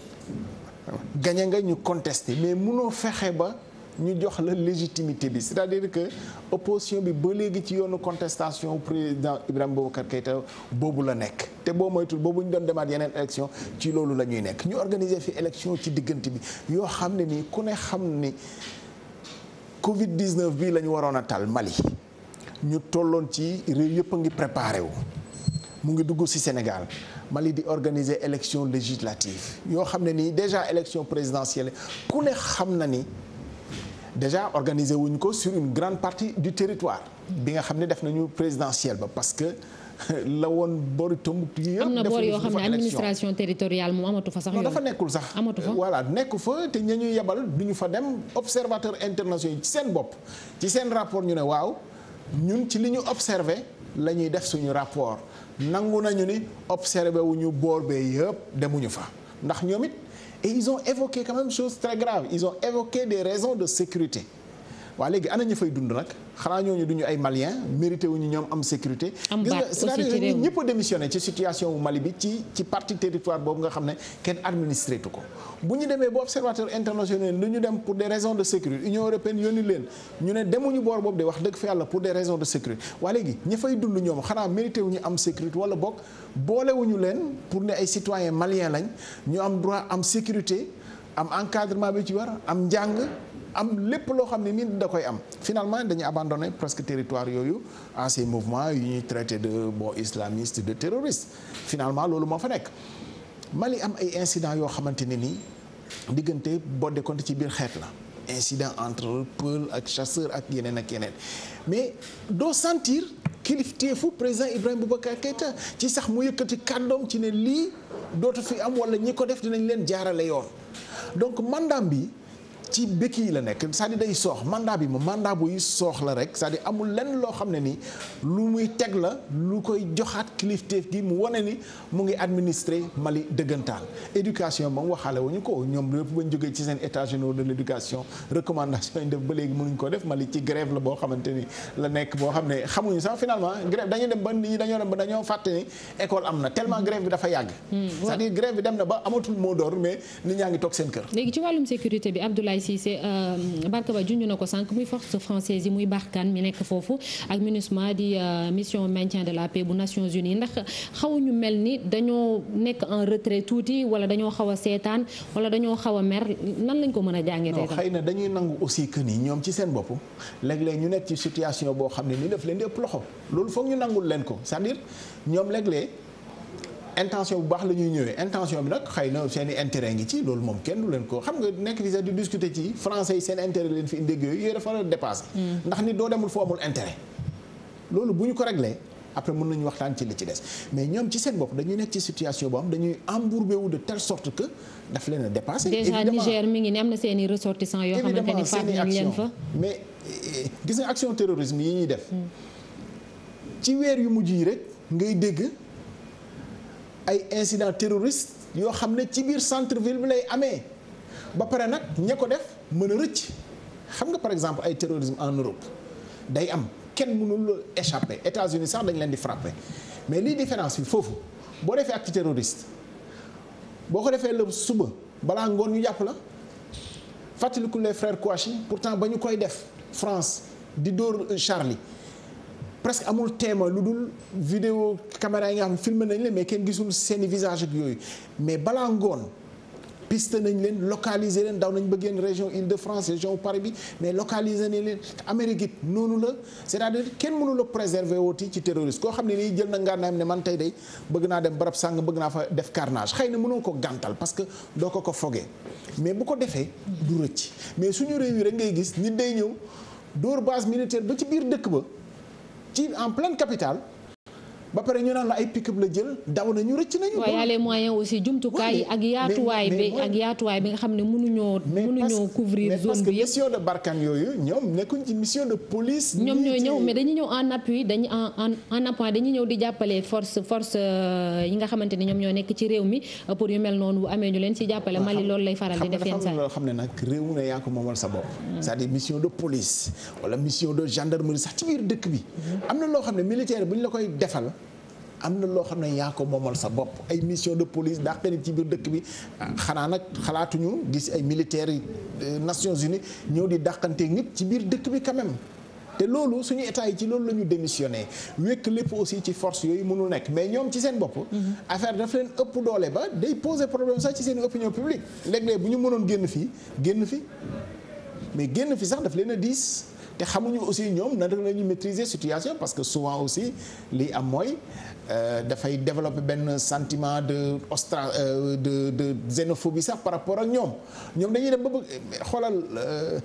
gañe nga ñu contester mais mënoo fexe ba. ñu jox la légitimité bi c'est-à-dire que opposition bi ba léegi ci yoonu contestation président Ibrahima Boubacar Keïta boobu la nekk te boo moytul boobu ñu doon demaat yeneen élection ci loolu la ñuy nekk ñu organiser fi élection ci diggante bi yoo xam ne nii ku ne xam ni Covid 19 bii la ñu waroon a tal Mali ñu tolloon ci réew yëpp a ngi préparé wu mu ngi dugg ci Sénégal Mali di organiser élection législative yoo xam ne nii déjà élection présidentielle ku ne xam na ni. déjà organisé wuñ ko sur une grande partie du territoire bi nga xam ne def nañu présidentielle ba parce que (laughs) la woon boori tëmbut yëpp. am na boor yoo xam ne administration territoriale moom amatu fa sax. yoon dafa nekkul sax. amatu fa voilà nekku fa te ña ñuy yebal du ñu fa dem observateur internationaux ci seen bopp. ci seen rapport ñu ne waaw ñun ci li ñu observé la ñuy def suñu rapport nangu nañu ni observé wu ñu boor bee yëpp demuñu fa ndax ñoom it Et ils ont évoqué quand même chose très grave. Ils ont évoqué des raisons de sécurité. waa léegi ana ñu fay dund nag xanaa ñooñu du ay malien mérité wuñu ñoom am sécurité gis nga cest à ñëpp a ci situation wu Mali bi ci ci partie territoire boobu nga xam ne kenn administré tu ko bu ñu demee bu observateur international lu ñu dem pour des raisons de sécurité Union européenne yónni leen ñu ne demuñu boor boobu de wax dëgg fa yàlla pour de raisons de sécurité waa léegi ña fay dund ñoom xanaa mérité wuñu am sécurité wala boog boolewuñu leen pour ne ay citoyens maliens lañ ñu am droit am sécurité am encadrement bi ci war am njàng am lépp loo xam ne nit da koy am finalement dañu abandonné presque territoire yooyu à ces mouvements yu ñuy traité de bon islamiste de terroriste finalement loolu moo fa nekk Mali am ay incidents yoo xamante ne nii diggante bodde compte ci biir xeet la incident entre peul ak chasseur ak yeneen ak yeneen mais doo sentir kilifteefu président Ibrahima Boubacar Keïta ci sax mu yëkkati kàddoom ci ne lii dootu fi am wala ñi ko def dinañ leen jaarale yoon ci békki yi la nekk cest à day soox mandat bi moom mandat buy soox la rek c'est-à-dire amul lenn loo xam ne ni lu muy teg la lu koy joxaat kilifteef gi mu wane ni mu ngi administré Mali dëggantaan éducation moom waxaale wuñu ko ñoom lépp bañ jógee ci seen états généraux de l'éducation recommandation yi def ba léegi mënuñ ko def Mali ci grève la boo xamante ni la nekk boo xam ne xamuñu sax finalement grève dañu dem ba nit ñi dañoo dem ba dañoo fàtte ni école am na tellement grève bi dafa yàgg hmm, c'est-à-dire grève bi dem na ba amatul moo door mais nit ñaa ngi toog seen kër léegi ci wàllum sécurité Cissé euh, Barka Ba junj na ko sànq muy force française yi muy Barkhane mi nekk foofu ak MINUSMA di euh, mission maintien de la paix bu Nations Unies ndax ñu mel ni dañoo nekk en retrait tuuti wala dañoo xaw seetaan wala dañoo xaw a mer nan lañ ko mën a jàngee. tey xay na dañuy nangu aussi que ni ñoom ci seen bopp léeg-léeg ñu nekk ci situation boo xam ne ni daf leen di ëpp loxo loolu foog ñu nangul leen ko cest dire ñoom léeg intention bu baax la ñuy ñëwee intention bi nag xëy na seen i intérêt ngi ci loolu moom kenn du leen ko xam nga nekk fi sax di ci français yi seen intérêt leen fi indéeg yooyu dafa la dépassé. Mm. ndax nit doo demul foo amul intérêt. loolu bu ñu ko réglé après mën nañu waxtaan ci li ci des mais ñoom ci seen bopp dañuy nekk ci situation boo xam dañuy embourbé wu de telle sorte leen a dépassé. déjà Niger mi ngi ne am na seen i ressortissants yoo xamante ni faat eh, nañ ñuy def. Mm. ci weer yu mujj yi rek ay incident terroriste yoo xam ne ci biir centre ville bi lay amee ba pare nag ña ko def mën a rëcc xam nga par exemple ay terrorisme en Europe day am kenn mënul échapper États-Unis sax dañ leen di frapper mais lii différence bi foofu boo defee acte terroriste boo ko defee la suba balaa ngoon ñu jàpp la fàttaliku les frères Kouachi pourtant ba ñu koy def France di dóor Charlie presque amul téema lu dul vidéo caméra yi nga xam filmé nañ leen mais kenn gisul seeni visage ak yooyu mais balaa ngoon piste nañ leen localiser leen daw nañ ba génn région Île-de-France région Paris bi mais localiser nañ leen Amérique it noonu la c'est-à-dire kenn mënu la préserver wooti ci terroriste koo xam ne nii jël na am ne man tey day bëgg naa dem barab sàng bëgg naa fa def carnage xëy na mënoo ko gàntal parce que doo ko ko fogee mais bu ko defee du rëcc mais suñu réew yi rek ngay gis nit day ñëw dóor base militaire ba ci biir dëkk ba ci en pleine capitale ba pare ñu naan la ay pick-up la jël daw nañu rëcc nañu. waaw y a les aussi jumtukaay ak yaatuwaay bi ak yaatuwaay bi nga xam ne mënuñoo. mënuñoo couvrir zone bi yëpp mais parce que mission de Barkhane yooyu ñoom de police. ñoom ñooy ñëw mais dañu ñëw en appui dañu en en appui dañu ñëw di jàppale force force euh, yi nga xamante ne ñoom ñoo nekk ci réew mi euh, pour yu mel noonu bu amee ñu leen ci jàppale Mali loolu lay faral di def yenn xam ne nag réew mu ne yaa ko hmm. mission de police wala mission sax ci biir dëkk bi hmm. am na loo xam ne militaire bu ñu la koy defal am na loo xam ne yaa ko moomal sa bopp ay mission de police dàq ci biir dëkk bi xanaa nag xalaatuñu gis ay militaires yi euh, Nations Unies ñëw di dàqante nit ci biir dëkk bi quand te loolu suñu état yi ci loolu la ñu démissionné wékk lépp aussi ci force yooyu mënul nekk mais ñoom ci seen bopp. Mm-hmm. affaire daf leen ëpp doole ba day poser problème sax ci seen opinion publique léeg bu ñu mënoon génn fii génn fi mais génn fi sax daf leen a diis. te xamuñu aussi ñoom nan la ñuy maîtriser situation parce que souvent aussi lii am mooy euh, dafay développer benn sentiment de ostra euh, de de xénophobie sax par rapport ak ñoom ñoom dañuy dem ba bëgg xoolal euh,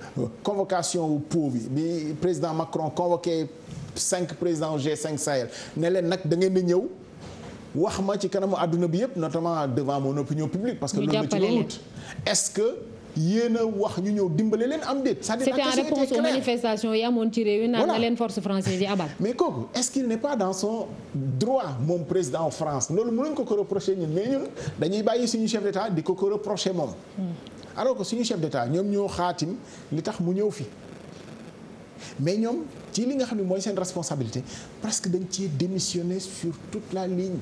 convocation wu po bi bi président Macron convoqué cinq présidents G5 Sahel ne leen nag da ngeen di ñëw. wax ma ci kanamu àdduna bi yëpp notamment devant mon opinion publique parce que loolu la ci doon wut que yéen a wax ñu ñëw dimbale leen am déet. c'est-à-dire la question était claire c'était en réponse yi amoon ci naan na leen force française yi abal. mais kooku est-ce qu'il n'est pas dans moom président France loolu mënuñ ko ko reprocher ñun mais ñun dañuy bàyyi suñu chef d'État di ko ko reprocher moom. Hmm. alors que suñu chef d'État ñoom ñoo xaatim li tax mu ñëw fi. mais ñoom ci li nga xam ne mooy seen responsabilité parce que dañ ci démissionner sur toute la ligne.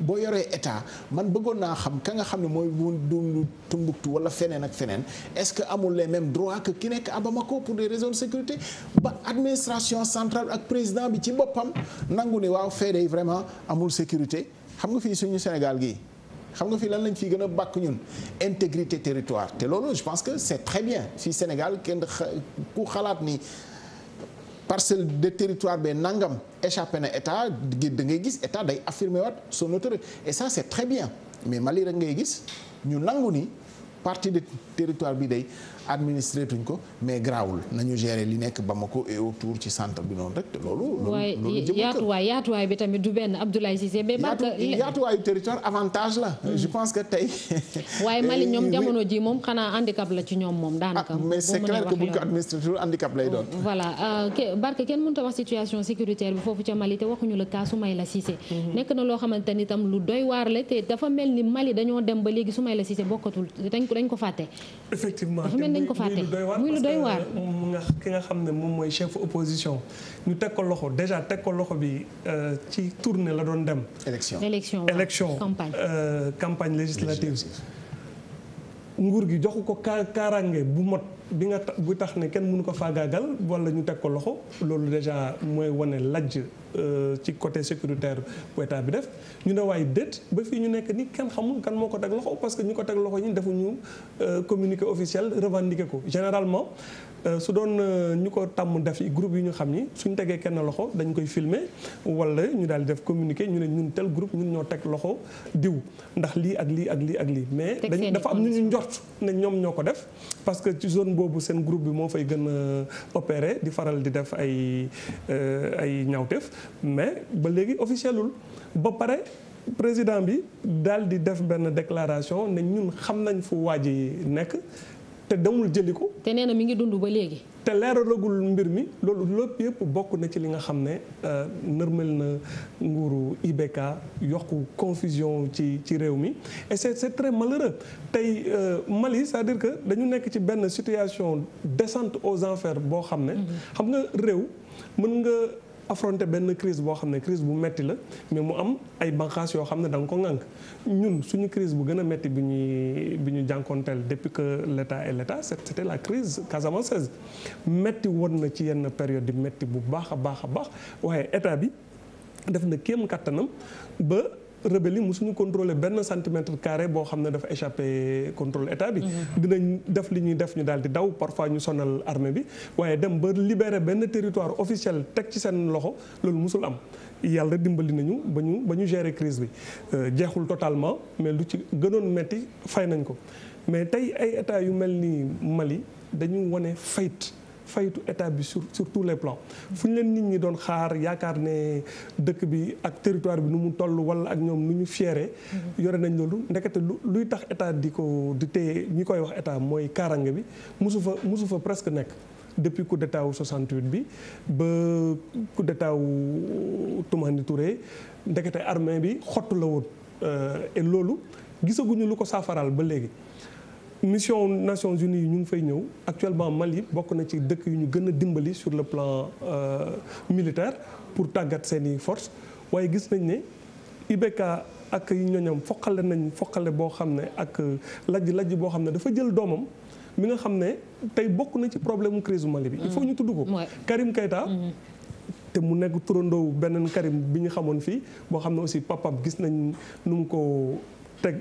boo yoree état man bëggoon naa xam ka nga xam ne mooy bu dund Tombouctou wala feneen ak feneen est-ce que amul les mêmes droits que ki nekk à Bamako pour des raisons de sécurité ba administration centrale ak président bi ci boppam nangu ni waaw fee vraiment amul sécurité xam nga fii suñu Sénégal gi xam nga fii lan lañ fii gën a bàkk ñun intégrité territoire te loolu je pense que c'est très bien fii Sénégal kenn ku xalaat nii parcelle de territoire be nangam échappé na état da ngay gis état day affirmer waat son autorité et ça c'est très bien mais Mali rek ngay gis ñu nangu nii partie de territoire bi day administré tuñ ko mais grawul nañu gérer li nekk Bamako et autour ci centre bi noonu rek te loolu. loolu jëm yaatuwaay yaatuwaay bi tamit du benn Abdoulaye Cissé. mais Marc yaatuwaayu territoire avantage la. Hmm. je pense que tey. (laughs) waaye Mali (laughs) ñoom jamono ji moom xanaa handicap la ci ñoom moom daanaka. Ah, mais c'est clair que buñ ko administré toujours handicap lay doon. Oh, voilà euh, Barke kenn mënut a wax situation sécuritaire bi foofu ca Mali te waxuñu la kaasu Mayla Cissé. Hmm. nekk na loo xamante ni tam lu doy waar la te dafa mel ni Mali dañoo dem ba léegi Soumaïla Cissé bokkatul dañ ko dañ ko fàtte. effectivement dafa mel dañ ko fàtte muy lu doy waar parce nga ki nga xam ne moom mooy chef opposition ñu teg ko loxo déjà teg ko loxo bi euh, ci tournée la doon dem. élection élection campagne euh, campagne législative. nguur gi joxu ko kaa kaaraange bu mot bi nga tax bu tax ne kenn munu ko faagaagal wala ñu teg ko loxo loolu déjà mooy wane lajj euh, ci côté sécuritaire bu état bi def ñu ne waaye déet ba fii ñu nekk ni kenn xamul kan moo ko teg loxo parce que ñu ko teg loxo ñi defuñu euh, communiqué officiel revendiqué ko généralement Euh, su doon euh, ñu ko tàmm def yi groupe yi ñu xam ni suñ tegee kenn loxo dañ koy filmer wala ñu daal def communiqué ñu ne ñun tel groupe ñun ñoo teg loxo diw ndax lii ak lii ak lii ak lii mais dañ dafa am ñu ñu njort ne ñoom ñoo ko def parce que ci zone boobu seen groupe bi moo fay gën a opérer di faral di def ay euh, ay ñaawteef mais ba léegi officielul ba pare président bi daal di def benn déclaration ne ñun xam nañ fu waaj yi nekk te demul jëli ko. te nee mi ngi dund ba léegi. te leeralagul mbir mi loolu lépp yëpp bokk na ci li nga xam ne euh, nërmel na nguuru IBK yokku confusion ci ci réew mi et c'est c'est très malheureux tey euh, Mali c'est-à-dire que dañu nekk ci benn situation descente aux enfers boo xam ne. Mm-hmm. xam nga réew mën nga. affronter benn crise boo xam ne crise bu metti la mais mu am ay bànqaas yoo xam ne da nga ko ŋànk ñun suñu crise bu gën a metti bi ñuy bi ñu jànkonteel deppi que l' état et l' état c' était la crise casamançaise metti woon na ci yenn période di metti bu baax a baax a baax waaye état bi def na kem kàttanam ba. rebelle yi mosuñu contrôler benn centimètre carré boo xam ne dafa échappé contrôle état bi. Mhm. dinañ def li ñuy def ñu daal di daw parfois ñu sonal armée bi waaye dem ba libérer benn territoire officiel teg ci seen loxo loolu mosul am. yàlla dimbali nañu ba ñu ba ñu gérer crise bi euh, jeexul totalement mais lu ci gënoon metti fay nañ ko mais tey ay état yu mel ni Mali dañu wane fayt. faytu état bi sur sur tous les plans fu ñu leen nit ñi doon xaar yaakaar ne dëkk bi ak territoire bi nu mu toll wala ak ñoom nu ñu fiere mhm. yore nañ loolu ndekete luy tax état di ko di téye ñi koy wax état mooy kaaraange bi musu fa musu fa presque nekk depuis coup d'état wu 68 bi ba coup d'état wu Toumani Touré ndekete armée bi xottu la woon euh, et loolu gisaguñu lu ko saafaraal ba léegi mission Nations Unies yi ñu ngi fay ñëw actuellement Mali bokk na ci dëkk yu ñu gën a dimbali sur le plan euh, militaire pour tàggat seeni force waaye gis nañ ne IBK ak ñoñam foqale nañ foqale boo xam ne ak euh, lajj lajj boo xam ne dafa jël doomam mi nga xam ne tey bokk na ci problème mu crise Mali bi. il faut ñu tudd ko. Karim Keita. Mm-hmm. te mu nekk turandoo beneen Karim bi ñu xamoon fii boo xam ne aussi papam gis nañ nu mu ko. teg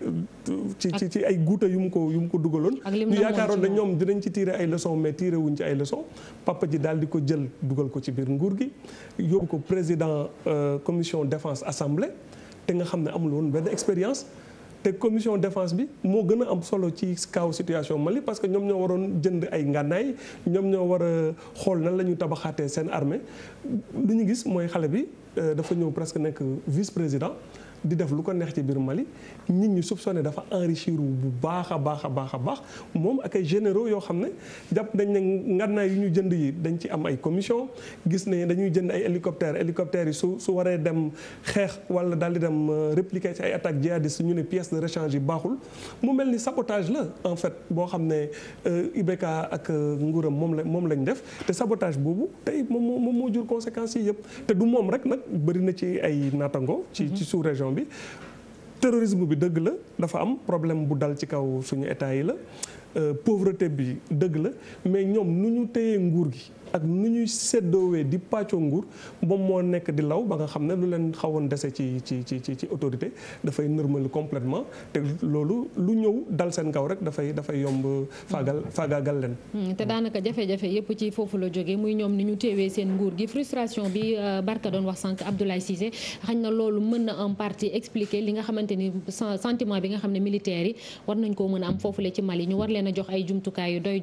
ci ci ci ay guuta yu mu ko yu mu ko dugaloon ñu yaakaaroon ne ñoom dinañ ci tiire ay leçon mais tiire wuñ ci ay leçon papa ji daal di ko jël dugal ko ci biir nguur gi yóbbu ko président euh, commission défense assemblée te nga xam ne amul woon benn expérience te commission defence bi moo gën a am solo ci kaw situation Mali parce que ñoom ñoo waroon jënd ay ngànnaay ñoom ñoo war a xool nan la ñu tabaxaatee seen armée lu ñu gis mooy xale bi euh, dafa ñëw presque nekk vice président di def lu ko neex ci biir Mali nit ñi soupçonné dafa enrichir bu baax a baax a baax a baax moom ak ay généraux yoo xam ne jàpp dañ ne naa yu ñu jënd yi dañ ci am ay commission gis ne dañuy jënd ay hélicoptères hélicoptères yi su su waree dem xeex wala daal di dem euh, répliquer ci ay attaques djihadistes ñu ne pièces na réchange yi baaxul mu mel ni sabotage la en fait boo xam ne euh, IBK ak euh, nguuram moom la moom lañ def te sabotage boobu tey moom moo moo jur conséquence yi yëpp te du moom rek nag bëri na ci ay naatango ci ci sous région question bi terrorisme bi dëgg la dafa am problème bu dal ci kaw suñu état yi la euh, pauvreté bi dëgg la mais ñoom nu ñu téyee nguur gi ak nu ñuy séddoowee di pàccoo nguur moom moo nekk di law ba nga xam ne lu leen xawoon dese ci ci ci ci ci autorité dafay normal complètement te loolu lu ñëw dal seen kaw rek dafay dafay yomb faagal faagaagal leen. Hmm, te daanaka jafe-jafe yépp ci foofu la jógee muy ñoom ni ñu teewee seen nguur gi frustration bi euh, Barka doon wax sànq Abdoulaye Cissé xañ na loolu mën na en partie expliquer li nga xamante ni sentiment bi nga xam ne militaires yi war nañ koo mën a am foofu la ci Mali ñu war leen a jox ay jumtukaay yu doy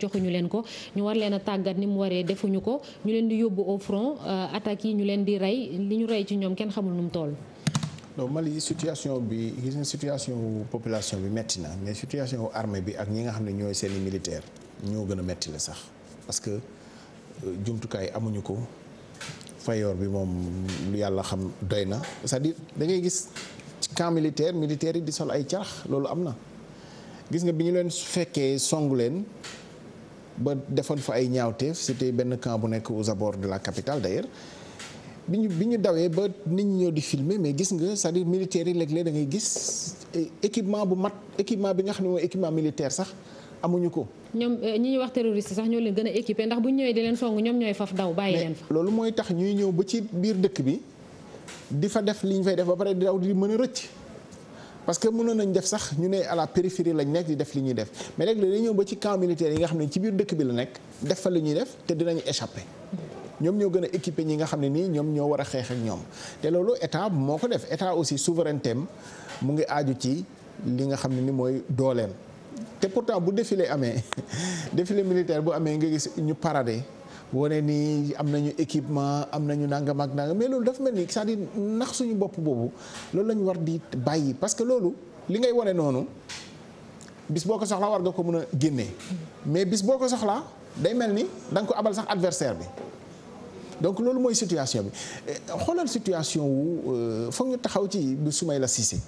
ñu leen a ñu ko ñu leen di yóbbu au front euh, attaques yi ñu leen di rey li ñu rey ci ñoom kenn xamul nu mu toll. non Mali situation bi gis nga situation population bi metti na mais wu armée bi ak ñi nga xam ne ñooy seeni militaire ñoo gën a metti la sax parce que euh, jumtukaay amuñu ko fayoor bi moom lu yàlla xam doy na c'est-à-dire da ngay gis ci camp militaire militaire yi di sol ay carax loolu am na gis nga bi ñu leen fekkee song leen ba defoon fa ay ñaawteef c'était benn camp bu nekk aux abords de la capitale d'ailleurs bi ñu bi ñu dawee ba nit ñi di filmer mais gis nga c'est-à-dire militaires yi léeg-léeg ngay gis eh, équipement bu mat équipement bi nga xam ne mooy équipement militaire sax amuñu ko. ñoom eh, ñi ñu wax terroriste sax ñoo leen gën a équipé ndax bu ñu ñëwee di leen song ñoom ñooy faf daw bàyyi leen fa. loolu mooy tax ñuy ñëw ba ci biir dëkk bi di fa def li ñu fay def ba pare di daw di mën a rëcc. parce que mënoon nañ def sax ñu ne à la périphérie lañ nekk di def li ñuy def mais léegi dañuy ñëw ba ci camp militaire yi nga xam ne ci biir dëkk bi la nekk def fa li ñuy def te dinañ échappé. ñoom ñoo gën a équipé ñi nga xam ne nii ñoom ñoo war a xeex ak ñoom te loolu état moo ko def état aussi souveraineté mu ngi aaju ci li nga xam ne ni mooy dooleem. te pourtant bu défilé amee (laughs) défilé militaire bu amee nga gis ñu parade wane ni am nañu équipement am nañu nangam ak nangam mais loolu dafa mel ni cest à nax suñu bopp boobu loolu lañu war di bàyyi parce que loolu li ngay wane noonu bis boo ko soxlaa war nga ko mën a génnee mais bis boo ko soxlaa day mel ni da ko abal sax adversaire bi donc loolu mooy situation bi eh, xoolal situation wu euh, foog ñu taxaw ci du Soumaïla Cissé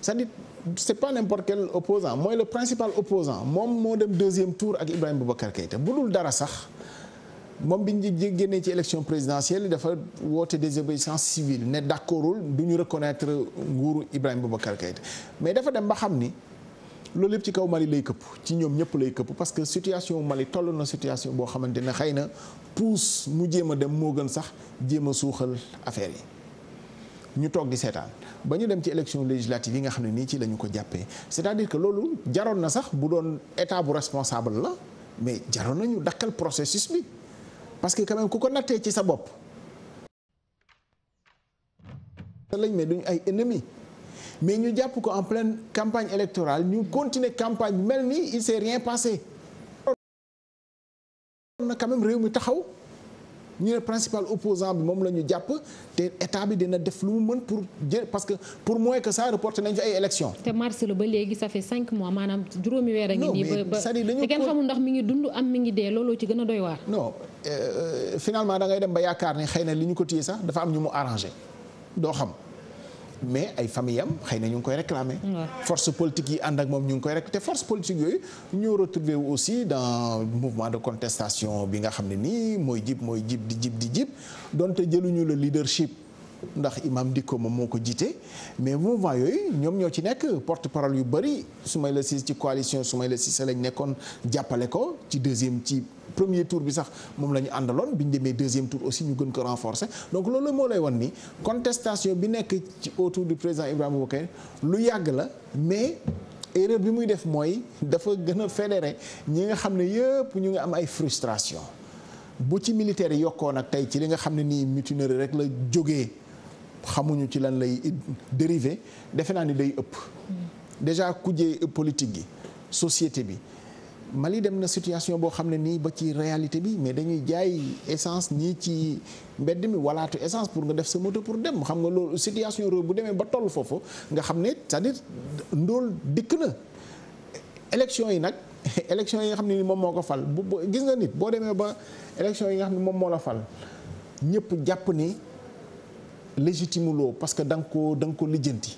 c'est-à-dire c'est pas n'importe quel opposant mooy le principal moom moo dem deuxième tour ak Ibrahima Boubacar Keïta bu dul dara sax moom bi ñu génnee ci élection présidentielle dafa woote désobéissance civile ne d'accordul du ñu reconnaître nguuru Ibrahima Boubacar Keïta mais dafa dem ba xam ni loolu yëpp ci kaw Mali lay këpp ci ñoom ñëpp lay këpp parce que situation Mali toll na situation boo xamante ne xëy na puus mu jéem a dem moo gën sax jéem a suuxal affaire yi. ñu toog di seetaan ba ñu dem ci élection législative yi nga xam ne nii ci la ko jàppee c'est-à-dire que loolu jaroon na bu doon état bu responsable la mais jaroon nañu dakkal processus bi. parce que quand ku ko nattee ci sa bopp lañ mais duñ ay ennemis mais ñu jàpp ko en pleine campagne électorale ñu continuer campagne mel ni il s'est rien passé na quand réew mi taxaw ñu ne principal opposant bi moom la ñu jàpp te état bi dina def lu mu mën pour jël parce que pour mooy que ça reporté nañ fi ay élections. te mars la ba léegi sa fait cinq mois maanaam juróomi weer a ngi nii. ba te kenn xamul ndax mi ngi dund am mi ngi dee looloo ci gën a doy waar. no euh, euh, finalement da dem ba yaakaar ne xëy na li ñu ko téye sax dafa am ñu mu arrangé doo xam. mais ay famille am xëy na ñu ngi koy réclamer. force politique yi ànd ak moom ñu ngi koy rek te force politique yooyu ñoo retrouvé wu aussi dans mouvement de contestation bi nga xam ne nii mooy jib mooy jib di jib di jib donte jëluñu le leadership. ndax imam dikko moom moo ko jiite mais moom mouvement yooyu ñoom ñoo ci nekk porte parole yu bëri la Cissé ci coalition Soumaïla Cissé lañ nekkoon jàppale ko ci deuxième ci premier tour bi sax moom la ñu àndaloon bi ñu demee deuxième tour aussi ñu gën ko renforcer donc loolu moo lay wan ni contestation bi nekk ci autour du président Ibrahima Boubacar lu yàgg la mais erreur bi muy def mooy dafa gën a fédéré ñi nga xam ne yëpp ñu ngi am ay frustration bu ci militaire yi yokkoo nag tey ci li nga xam ne nii mutinerie rek la jógee. xamuñu ci lan lay dérivé defe naa ni day ëpp déjà kujjee politique gi société bi Mali dem na situation boo xam ne nii ba ci réalité bi mais dañuy jaay essence ñii ci mbedd mi walaatu essence pour nga def sa moto pour dem xam nga loolu situation réew bu demee ba toll foofu nga xam ne cest ndool dire na élection yi nag (laughs) élection yi nga xam ne ni moom moo ko fal gis nga nit boo demee ba élection yi nga xam ne moom moo la fal ñëpp jàpp nii légitimuloo parce que da nga ko da nga ko lijjanti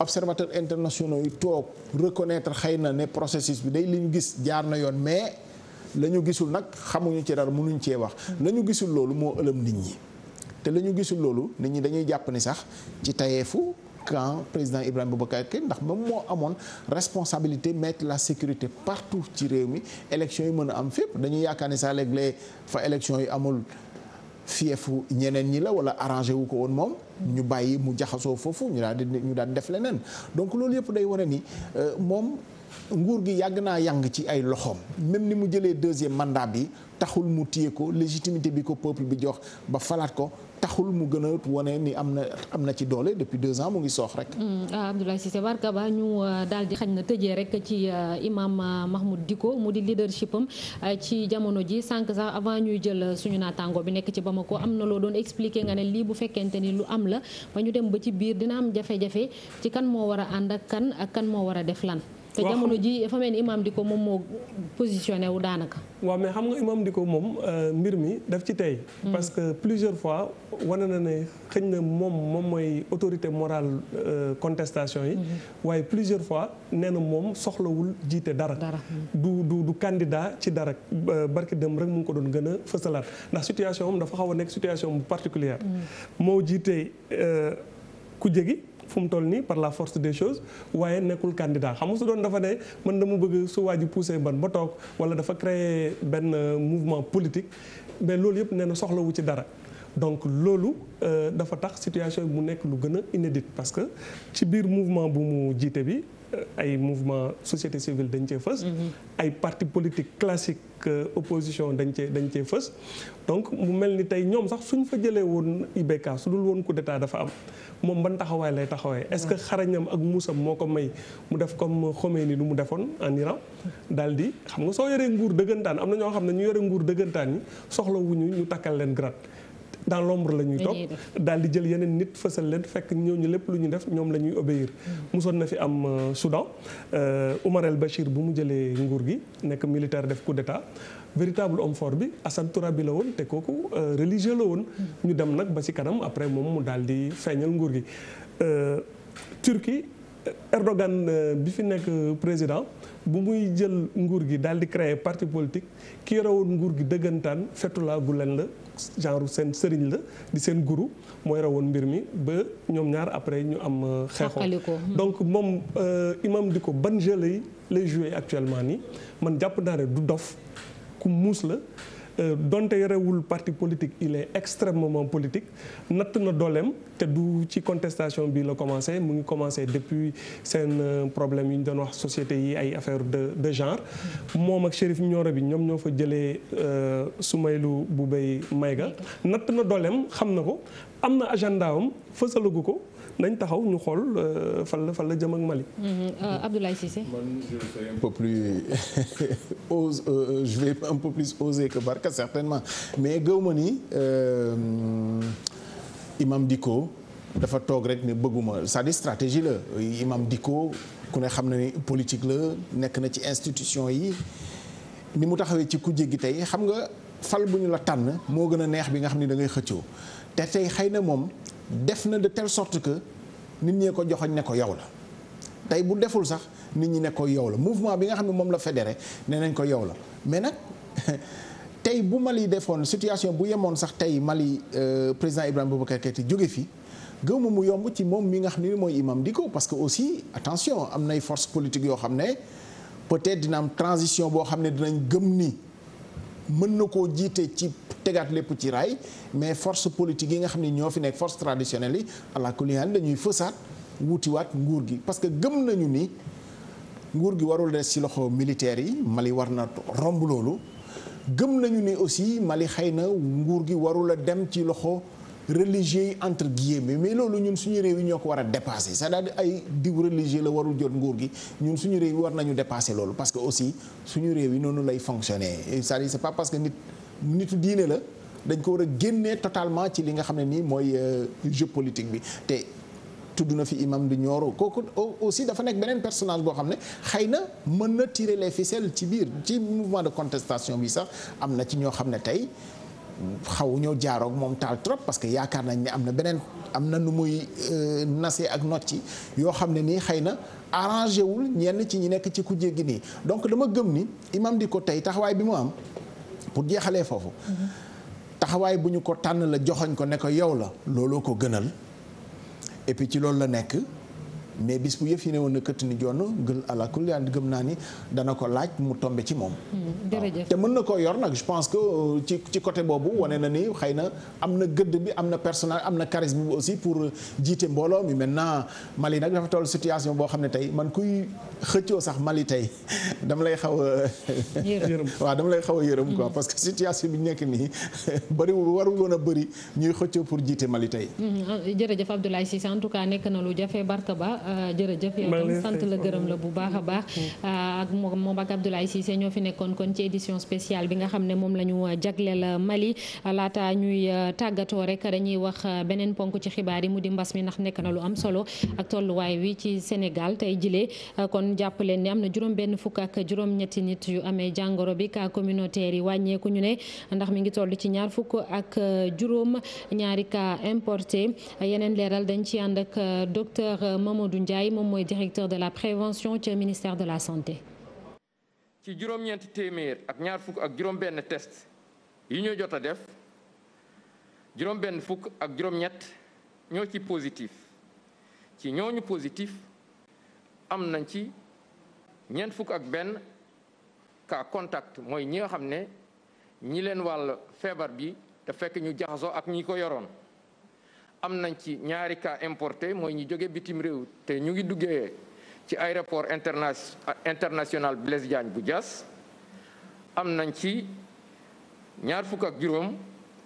observateur internationaux yi toog reconnaître xëy na ne processus bi day li ñu gis jaar na yoon mais lañu gisul nag xamuñu ci dara mënuñ cee wax mm. la ñu gisul loolu moo ëlëm nit ñi te la ñu gisul loolu nit ñi dañuy jàpp ni sax ci tayeefu quand président Ibrahima Boubacar Keïta ndax moom moo amoon responsabilité mettre la sécurité partout ci réew mi élection yi mën a am fépp dañuy yaakaar ni sax léeg-léeg fa élection yi amul fiefu ñeneen ñi la wala arrangé wu ko woon moom ñu bàyyi mu jaxasoo foofu ñu daal di ñu daal def leneen donc loolu yëpp day wane ni euh, moom nguur gi yàgg naa yàng ci ay loxoom même ni mu jëlee deuxième mandat bi taxul mu téye ko légitimité bi ko peuple bi jox ba falaat ko taxul mu gën wone ni am na am na ci doole depuis deux ans mu ngi soox rek. Mm, ah, Abdoulaye Cissé Barka ba ñu euh, daal di xañ na tëjee rek ci euh, imam euh, Mahmoud Dicko mu di leadership am ci jamono ji sànq sax avant ñuy jël suñu naataango bi nekk ci ba ma ko am na loo doon expliquer nga ne lii bu fekkente ni lu am la ba ñu dem ba ci biir dina am jafe-jafe ci kan moo war a ànd ak kan ak kan moo war a def lan. te jamono ji dafa mel ni imaam Dicko moom moo positionné wu daanaka. waaw mais xam nga imaam ko moom euh, mbir mi def ci tey. Hmm. parce que plusieurs fois wane na ne xëñ na moom moom mooy autorité morale euh, contestation yi. Hmm. waaye plusieurs fois nee na moom soxlawul jiite dara. Hmm. du du du candidat ci dara barki dem rek mu ngi ko doon gën a fësalaat ndax situation dafa xaw a nekk situation bu particulière moo jiite euh, ku jegi fu mu toll nii par la force des chose waaye nekkul candidat xam nga su doon dafa ne man dama bëgg su waa ji poussé ban ba toog wala dafa créer benn mouvement politique mais loolu yëpp nee na soxlawu ci dara donc loolu euh, dafa tax situation bi mu nekk lu gën a inédite parce que ci biir mouvement bu mu jiite bi ay mouvement société civile dañ cee fës. Mm-hmm. ay parti politique classique euh, opposition dañ cee dañ cee fës. donc mu mel ni tey ñoom sax suñ fa jëlee woon IBK su dul woon coup d'état dafa am moom ban taxawaay lay taxawaay. est-ce que xarañam ak muusam moo ko may mu def comme Khomeini lu mu defoon en Iran. daal di xam nga soo yoree nguur dëggantaan am na ñoo xam ne ñu yore nguur dëggantaan yi soxla wuñu ñu takkal leen grade. dans l'ombre la ñuy topp daal di jël yeneen nit fësal leen fekk ñooñu lépp lu ñu def ñoom la ñuy obéir mosoon mm. na fi am euh, Soudan euh, Oumar El Bachir bu mu jëlee nguur gi nekk militaire def coup d'état véritable homme fort bi Assane Toura bi la woon te kooku euh, religieux la woon mm. ñu dem nag ba ci kanam après moom mu daal di feeñal nguur gi Turquie Erdogan bi fi nekk président bu muy jël nguur gi daal di créer parti politique ki yore woon nguur gi dëggantaan Fethullah Gülen la genre seen sëriñ la di seen guru mooy rawoon mbir mi ba ñoom ñaar après ñu am euh, xeexoo hmm. donc moom euh, imam di ko ban jeu lay lay jouer actuellement nii man jàpp naa ne du dof ku muus la Euh, donte yorewul parti politique il est extrêmement politique natt na dooleem te du ci contestation bi la commencé mu ngi commencé depuis seen euh, problème yi ñu doon wax société yi ay affaires de de genre moom ak Chérif Nioro bi ñoom ñoo fa jëlee euh, Soumaïlou Boubèye Maïga natt na dooleem xam na ko am na agenda am fësalagu ko lañ taxaw ñu xool euh, fan la fan la jëm ak Mali. Mm-hmm. Euh, Abdoulaye Cissé. man je suis un peu plus (laughs) ose euh, je vais un peu plus ma ni Imam Dicko dafa toog rek ne bëgguma cest à stratégie la Imam Dicko ku ne xam na ni politique la nekk na ci institution yi ni mu taxawee ci kujje gi tey xam nga fal bu ñu la tànn moo gën a neex bi nga xam ni dangay ngay xëccoo te tey xëy na moom. def na de telle sorte que nit ñee ko joxoñ ne ko yow la tey bu deful sax nit ñi ne ko yow la mouvement bi nga xam ne moom la fédéré ne nañ ko yow la mais nag (laughs) tey bu Mali defoon situation bu yemoon sax tey Mali euh, président Ibrahima Boubacar Keïta jóge fi gëwma mu yomb ci moom mi nga xam ne mooy imam di ko parce que aussi attention am nay force politique yoo xam ne peut-être dina am transition boo xam ne dinañ gëm nii mën na koo jiite ci tegaat lépp ci raay mais force politique yi nga xam ne ñoo fi nekk force traditionnelle yi àla kuliyaan dañuy fësaat wutiwaat nguur gi parce que gëm nañu ni nguur gi warul des ci loxo militaire yi Mali war na romb loolu gëm nañu ni aussi Mali xëy na nguur gi warul a dem ci loxo religieux yi entre guillemets mais loolu ñun suñu réew yi ñoo ko war a dépasser cest à ay diw religieux la warul jot nguur gi ñun suñu réew yi war nañu dépasser loolu parce que aussi suñu réew yi noonu lay fonctionner c'est-à-dire c'est pas parce que nit nitu diine la dañ ko war a génnee totalement ci li nga xam ne nii mooy euh, jeu politique bi te tudd na fi imam di Nioro kooku aussi dafa nekk beneen personnage boo xam ne xëy na mën na tirer les ficelles ci biir ci mouvement de contestation bi sax am na ci ñoo xam ne tey ñëw jaaroog moom taal trop parce que yaakaar nañ ne am na beneen am na nu muy euh, nase ak not yoo xam ne nii xëy na arrangé wul ñenn ci ñi nekk ci ku jéggi nii donc dama gëm ni imam di ko tey taxawaay bi mu am pour jeexalee foofu. taxawaay bu ñu ko tànn la joxoñ ko ne ko yow la looloo ko gënal et puis ci loolu la nekk. mais bis bu yëf yi ne woon na këtt ni jonn gën alakul yaa gëm naa ni dana ko laaj mu tombe ci moom. Hmm, te mën na koo yor nag je pense que euh, ci ci côté boobu wane na ni xëy na am na gëdd bi am na personnel am na charisme bi aussi pour euh, jiite mbooloo mi maintenant Mali nag dafa toll situation boo xam ne tey man kuy xëccoo sax Mali tey (laughs) (laughs) (laughs) dama lay xaw a. yërëm waaw lay xaw a yërëm quoi hmm. parce que situation bi nekk nii bëriwul warul woon a bëri ñuy xëccoo pour jiite Mali tey. Hmm, na lu jafe Barka Ba Euh, jërëjëf yow tam sant la gërëm la bu baax a baax euh, ak moom ak Abdoulaye Cissé ñoo fi nekkoon kon ci édition spéciale bi nga xam ne moom la ñu euh, jagleel Mali laata ñuy tàggatoo rek dañuy wax beneen ponk ci xibaar yi mu di mbas mi ndax nekk na lu am solo ak tolluwaay wi ci Sénégal tey jilee kon jàpp leen ni am na juróom benn fukk ak juróom ñetti nit yu amee jàngoro bi cas communautaire yi wàññeeku ñu ne ndax mi ngi toll ci ñaar fukk ak juróom ñaari cas importé Mamadou Ndiaye moom mooy directeur de la prévention ca ministère de la santé. ci juróom-ñeenti téeméer ak ñaar fukk ak juróom test yi ñoo jot a def juróom fukk ak juróom-ñett ñoo ci positif ci ñooñu positif am nañ ci ñeent fukk ak benn cas contact mooy ñi nga xam ne ñi leen wàll feebar bi te fekk ñu jaxasoo ak ñi ko yoroon. am nañ ci ñaari cas importé mooy ñu jóge bitim réew te ñu ngi duggee ci aéroport interna international Blaise Diagne bu jaas am nañ ci ñaar fukk ak juróom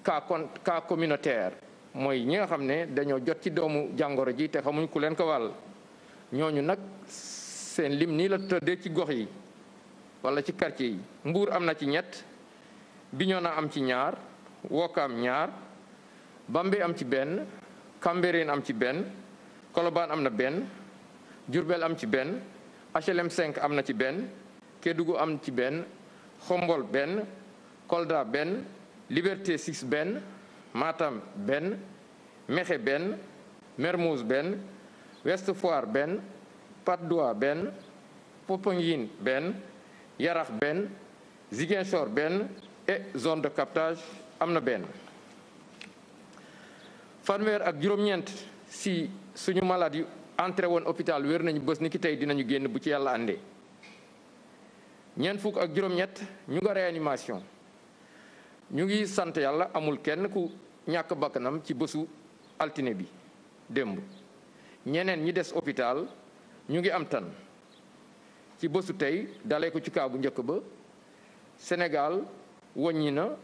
cas con communautaire mooy ñi nga xam ne dañoo jot ci doomu jàngoro ji te xamuñ ku leen ko wàll ñooñu nag seen lim nii la tëddee ci gox yi wala ci quartier yi Mbuur am na ci ñett bi na am ci ñaar Wokaam ñaar Bambey am ci benn Cambérène am ci benn coloban am na benn Diourbel am ci benn HLM 5 am na ci benn Kédougou am ci benn Xombol benn Kolda benn Liberté 6 benn Matam benn Mékhé benn Mermoz benn Ouest benn Patte d'Oie benn Popenguine benn Yarax benn Ziguinchor benn et zone de captage am na benn fanweer ak juróom-ñeent si suñu malade yu entré woon hôpital wér nañu bës ni ki tey dinañu génn bu ci yàlla àndee ñeent fukk ak juróom-ñett ñu nga réanimation ñu ngi sant yàlla amul kenn ku ñàkk bakkanam ci bésu altine bi démb ñeneen ñi des hôpital ñu ngi am tan ci bësu tey dalee ko ci kaa njëkk ba Sénégal woññi na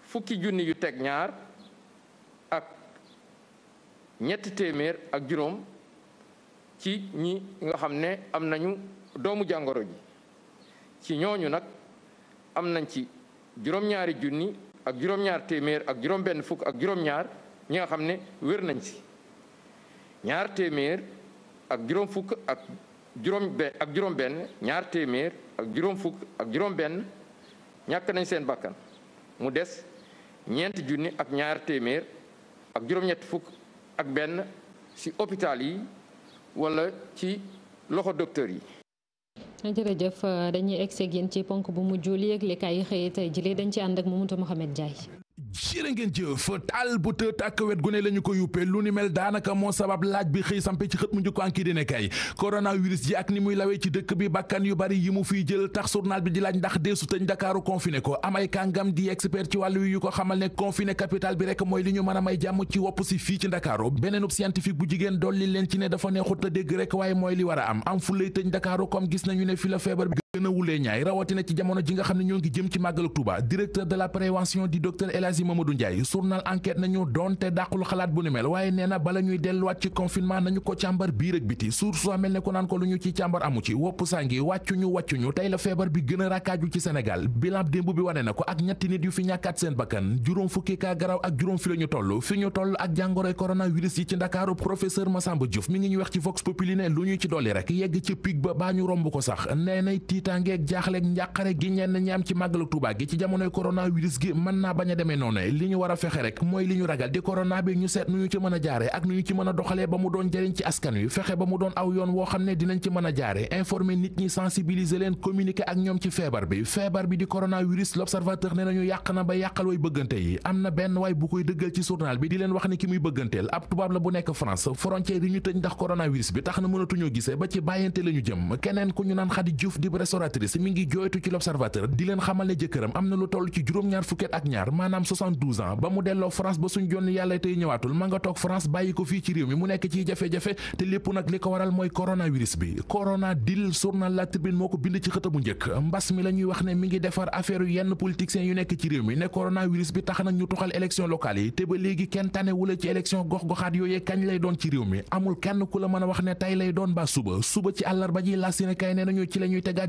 fukki junni yu teg ñaar ñett téeméer ak juróom ci ñi nga xam ne am nañu doomu jàngoro ji ci ñooñu nag am nañ ci juróom-ñaari junni ak juróom-ñaar téeméer ak juróom-benn fukk ak juróom-ñaar ñi nga xam ne wér nañ si ñaar téeméer ak juróom fukk ak juróom benn ak juróom benn ñàkk nañ seen bakkan mu des ñeent junni ak ñaar téeméer ak juróom-ñett fukk ak benn ci hôpital yi wala ci loxo docteur yi. jërëjëf dañuy egg seeg yéen ci ponk bu mujj li yëgle kaay yi xëyee tey jii dañ ci ànd ak Mamadou Mouhamed Ndiaye. jërë ngeen jëf taal bu tëët ak wet gu ne la ko yuppee lu ni mel daanaka moo sabab laaj bi xëy sampe ci xët mu njëkk anki dine kay coronavirus ji ak ni muy lawee ci dëkk bi bakkan yu bari yi mu fiy jël tax journal bi di laaj ndax deesu tëñ Dakaaru confiné ko amay kàngam di expert ci wàllu yu ko xamal ne confiné capital bi rek mooy li ñu mën a may jàmm ci wopp si fii ci ndakaaru beneenub scientifique bu jigéen dolli leen ci ne dafa neexut dégg rek waaye mooy li a am am fu lay tëñ gis nañu ne fi la feebar bi gën a wulee ñaay rawatina ci jamono ji nga xam ne ñoo ngi jëm ci a Tuuba directeur de la prévention di docteur El Hadji Mamadou Ndiaye journal enquête nañu doonte dàqul xalaat bu ni mel waaye nee na bala ñuy delluwaat ci confinement nañu ko càmbar biir ak biti source soo mel ne ko naan ko lu ñu ci càmbar amu ci wopp ñu wàccuñu ñu tey la feebar bi gën a rakkaaju ci Sénégal bilan démb bi wane na ko ak ñetti nit yu fi ñàkkaat seen bakkan juróom fukki kaa ak juróom fi la ñu toll ñu toll ak jàngoroy coronavirus yi ci Ndakaaru professeur Massamba Diouf mi ngi ñu wax ci Vox Populi ne lu ñu ci rek yegg ci pic ba baa ñu romb ko sax nee tiitangeeg jaaxleeg njàqare gi ñenn ñi am ci màggalu Tuuba gi ci jamonoy coronavirus gi mën naa bañ a demee noonu li ñu war a fexe rek mooy li ñu ragal di corona bi ñu seet nu ñu ci mën a jaare ak nu ñu ci mën a doxalee ba mu doon jëriñ ci askan wi fexe ba mu doon aw yoon woo xam ne dinañ ci mën a jaare informer nit ñi sensibiliser leen communiquer ak ñoom ci feebar bi feebar bi di coronavirus l'observateur ne nañu yàq na ba yàqal way bëggante yi am na benn waay bu koy dëggal ci journal bi di leen wax ne ki muy bëgganteel ab tubaab la bu nekk France frontière yi tax na mënatuñoo gisee ba ci bàyyante la ñu restauratrice mi ngi jooytu ci l'observateur di xamal ne jëkkëram am na lu toll ci juróom-ñaar fukket ak ñaar maanaam ba mu delloo France ba suñ jonn yàlla tey ñëwaatul ma nga toog France bàyyi ko fii ci réew mi mu nekk ci jafe-jafe te lépp nag li ko waral mooy coronavirus bi corona dil journal La Tribune moo ko bind ci xët bu njëkk mbas mi la wax ne mi ngi defar affaire yenn politiciens yu nekk ci réew mi ne coronavirus bi tax na ñu tuxal élection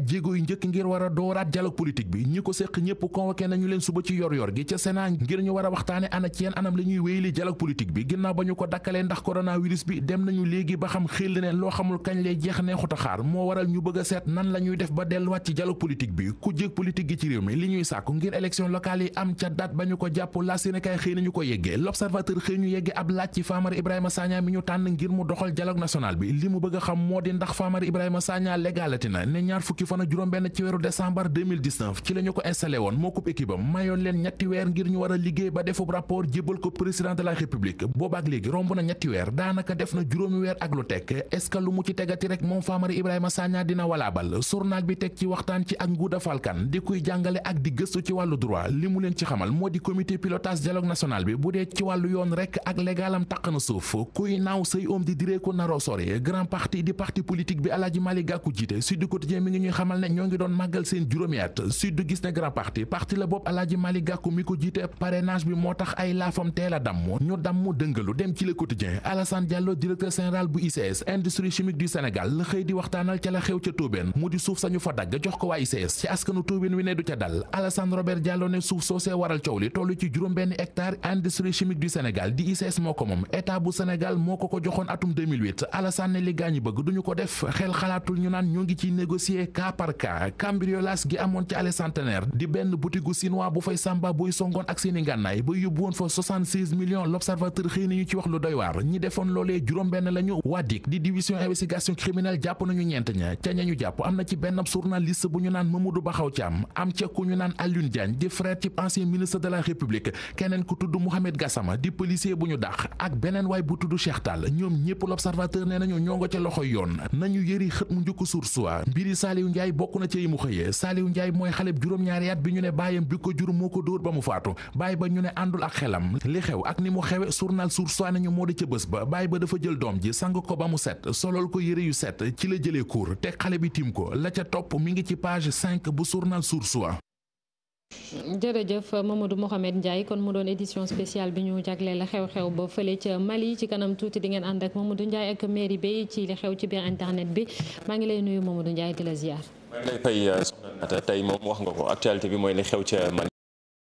jéego yu njëkk ngir war dooraat dialogue politique bi ñi ko séq ñëpp convoqué nañu leen suba ci yor yor gi ca Sénat ngir ñu war a waxtaane ana ci yenn anam la ñuy wéyali dialogue politique bi ginnaaw ba ñu ko dakkalee ndax coronavirus bi dem nañu léegi ba xam xel ne loo xamul kañ lay jeex neexut a moo waral ñu bëgg seet nan la ñuy def ba delluwaat ci dialogue politique bi ku jéeg politique gi ci réew mi li ñuy sàkku ngir élection locale yi am ca date ba ñu ko jàpp la Sénégal xëy nañu ko yeggee l'observateur xëy ñu yeggee ñu tànn ngir mu doxal dialogue national bi li mu bëgg a xam moo di ndax Famara Ibrahima Sagna légalité na ne fan ak juróom benn ci weeru décembre 2019 ci la ko installé woon moo kub équipe mayoon leen ñetti weer ngir ñu war a liggéey ba defub rapport jébbal ko président de la république boobaak léegi romb na ñetti weer daanaka def na juróomi weer ak lu teg est lu mu ci tegati rek moom Famari Ibrahima Sagna dina walaabal journal bi teg ci waxtaan ci ak Ngouda Fall di kuy jàngale ak di gëstu ci wàllu droit li leen ci xamal moo di comité pilotage dialogue national xamal ne ñoo ngi doon màggal seen juróomi at sud gis ne grand parti parti la boobu alaaji ne du bëgg duñu ko def xel xalaatul ñu naan ñoo ngi ciy négocier par cas cambriolage gi amoon ci allée Centenaire di benn butigu chinois bu fay sàmba buy songoon ak seeni ngànnaay ba yóbbu fa 76 millions xëy nañu ci wax lu doy ñi defoon loolee juróom-benn lañu waa di division investigation criminelle jàpp nañu ñeent ña ca ña jàpp am na ci benn journaliste bu ñu naan Mamadou Baxaw Thiam am ca ku ñu naan Alioune di frère ci ancien ministre de la République keneen ku tudd Mouhamed Gassama di policier Ndiaye bokk na ci yi mu xëyee Saliou Ndiaye mooy xaleb juróom-ñaari at bi ñu ne baayam bi ko jur moo ko dóor ba mu faatu baay ba ñu ne àndul ak xelam li xew ak ni mu xewe journal Source A nañu moo di ca bés ba baay ba dafa jël doom ji sang ko ba mu set solol ko yëre yu set ci la jëlee kuur te xale bi tim ko la ca topp mu ngi ci page 5 bu journal Source A jërëjëf Mamadou Mohamed Ndiaye kon mu doon édition spéciale bi ñu jagleel xew-xew ba fële ca Mali ci kanam tuuti di ngeen ànd ak Mamadou Ndiaye ak mairie bi ci xew ci biir internet bi maa ngi lay nuyu Mamadou Ndiaye di la ziar. lay fay euh, soxna Naata tey moom wax nga ko actualité bi mooy li xew ca Mali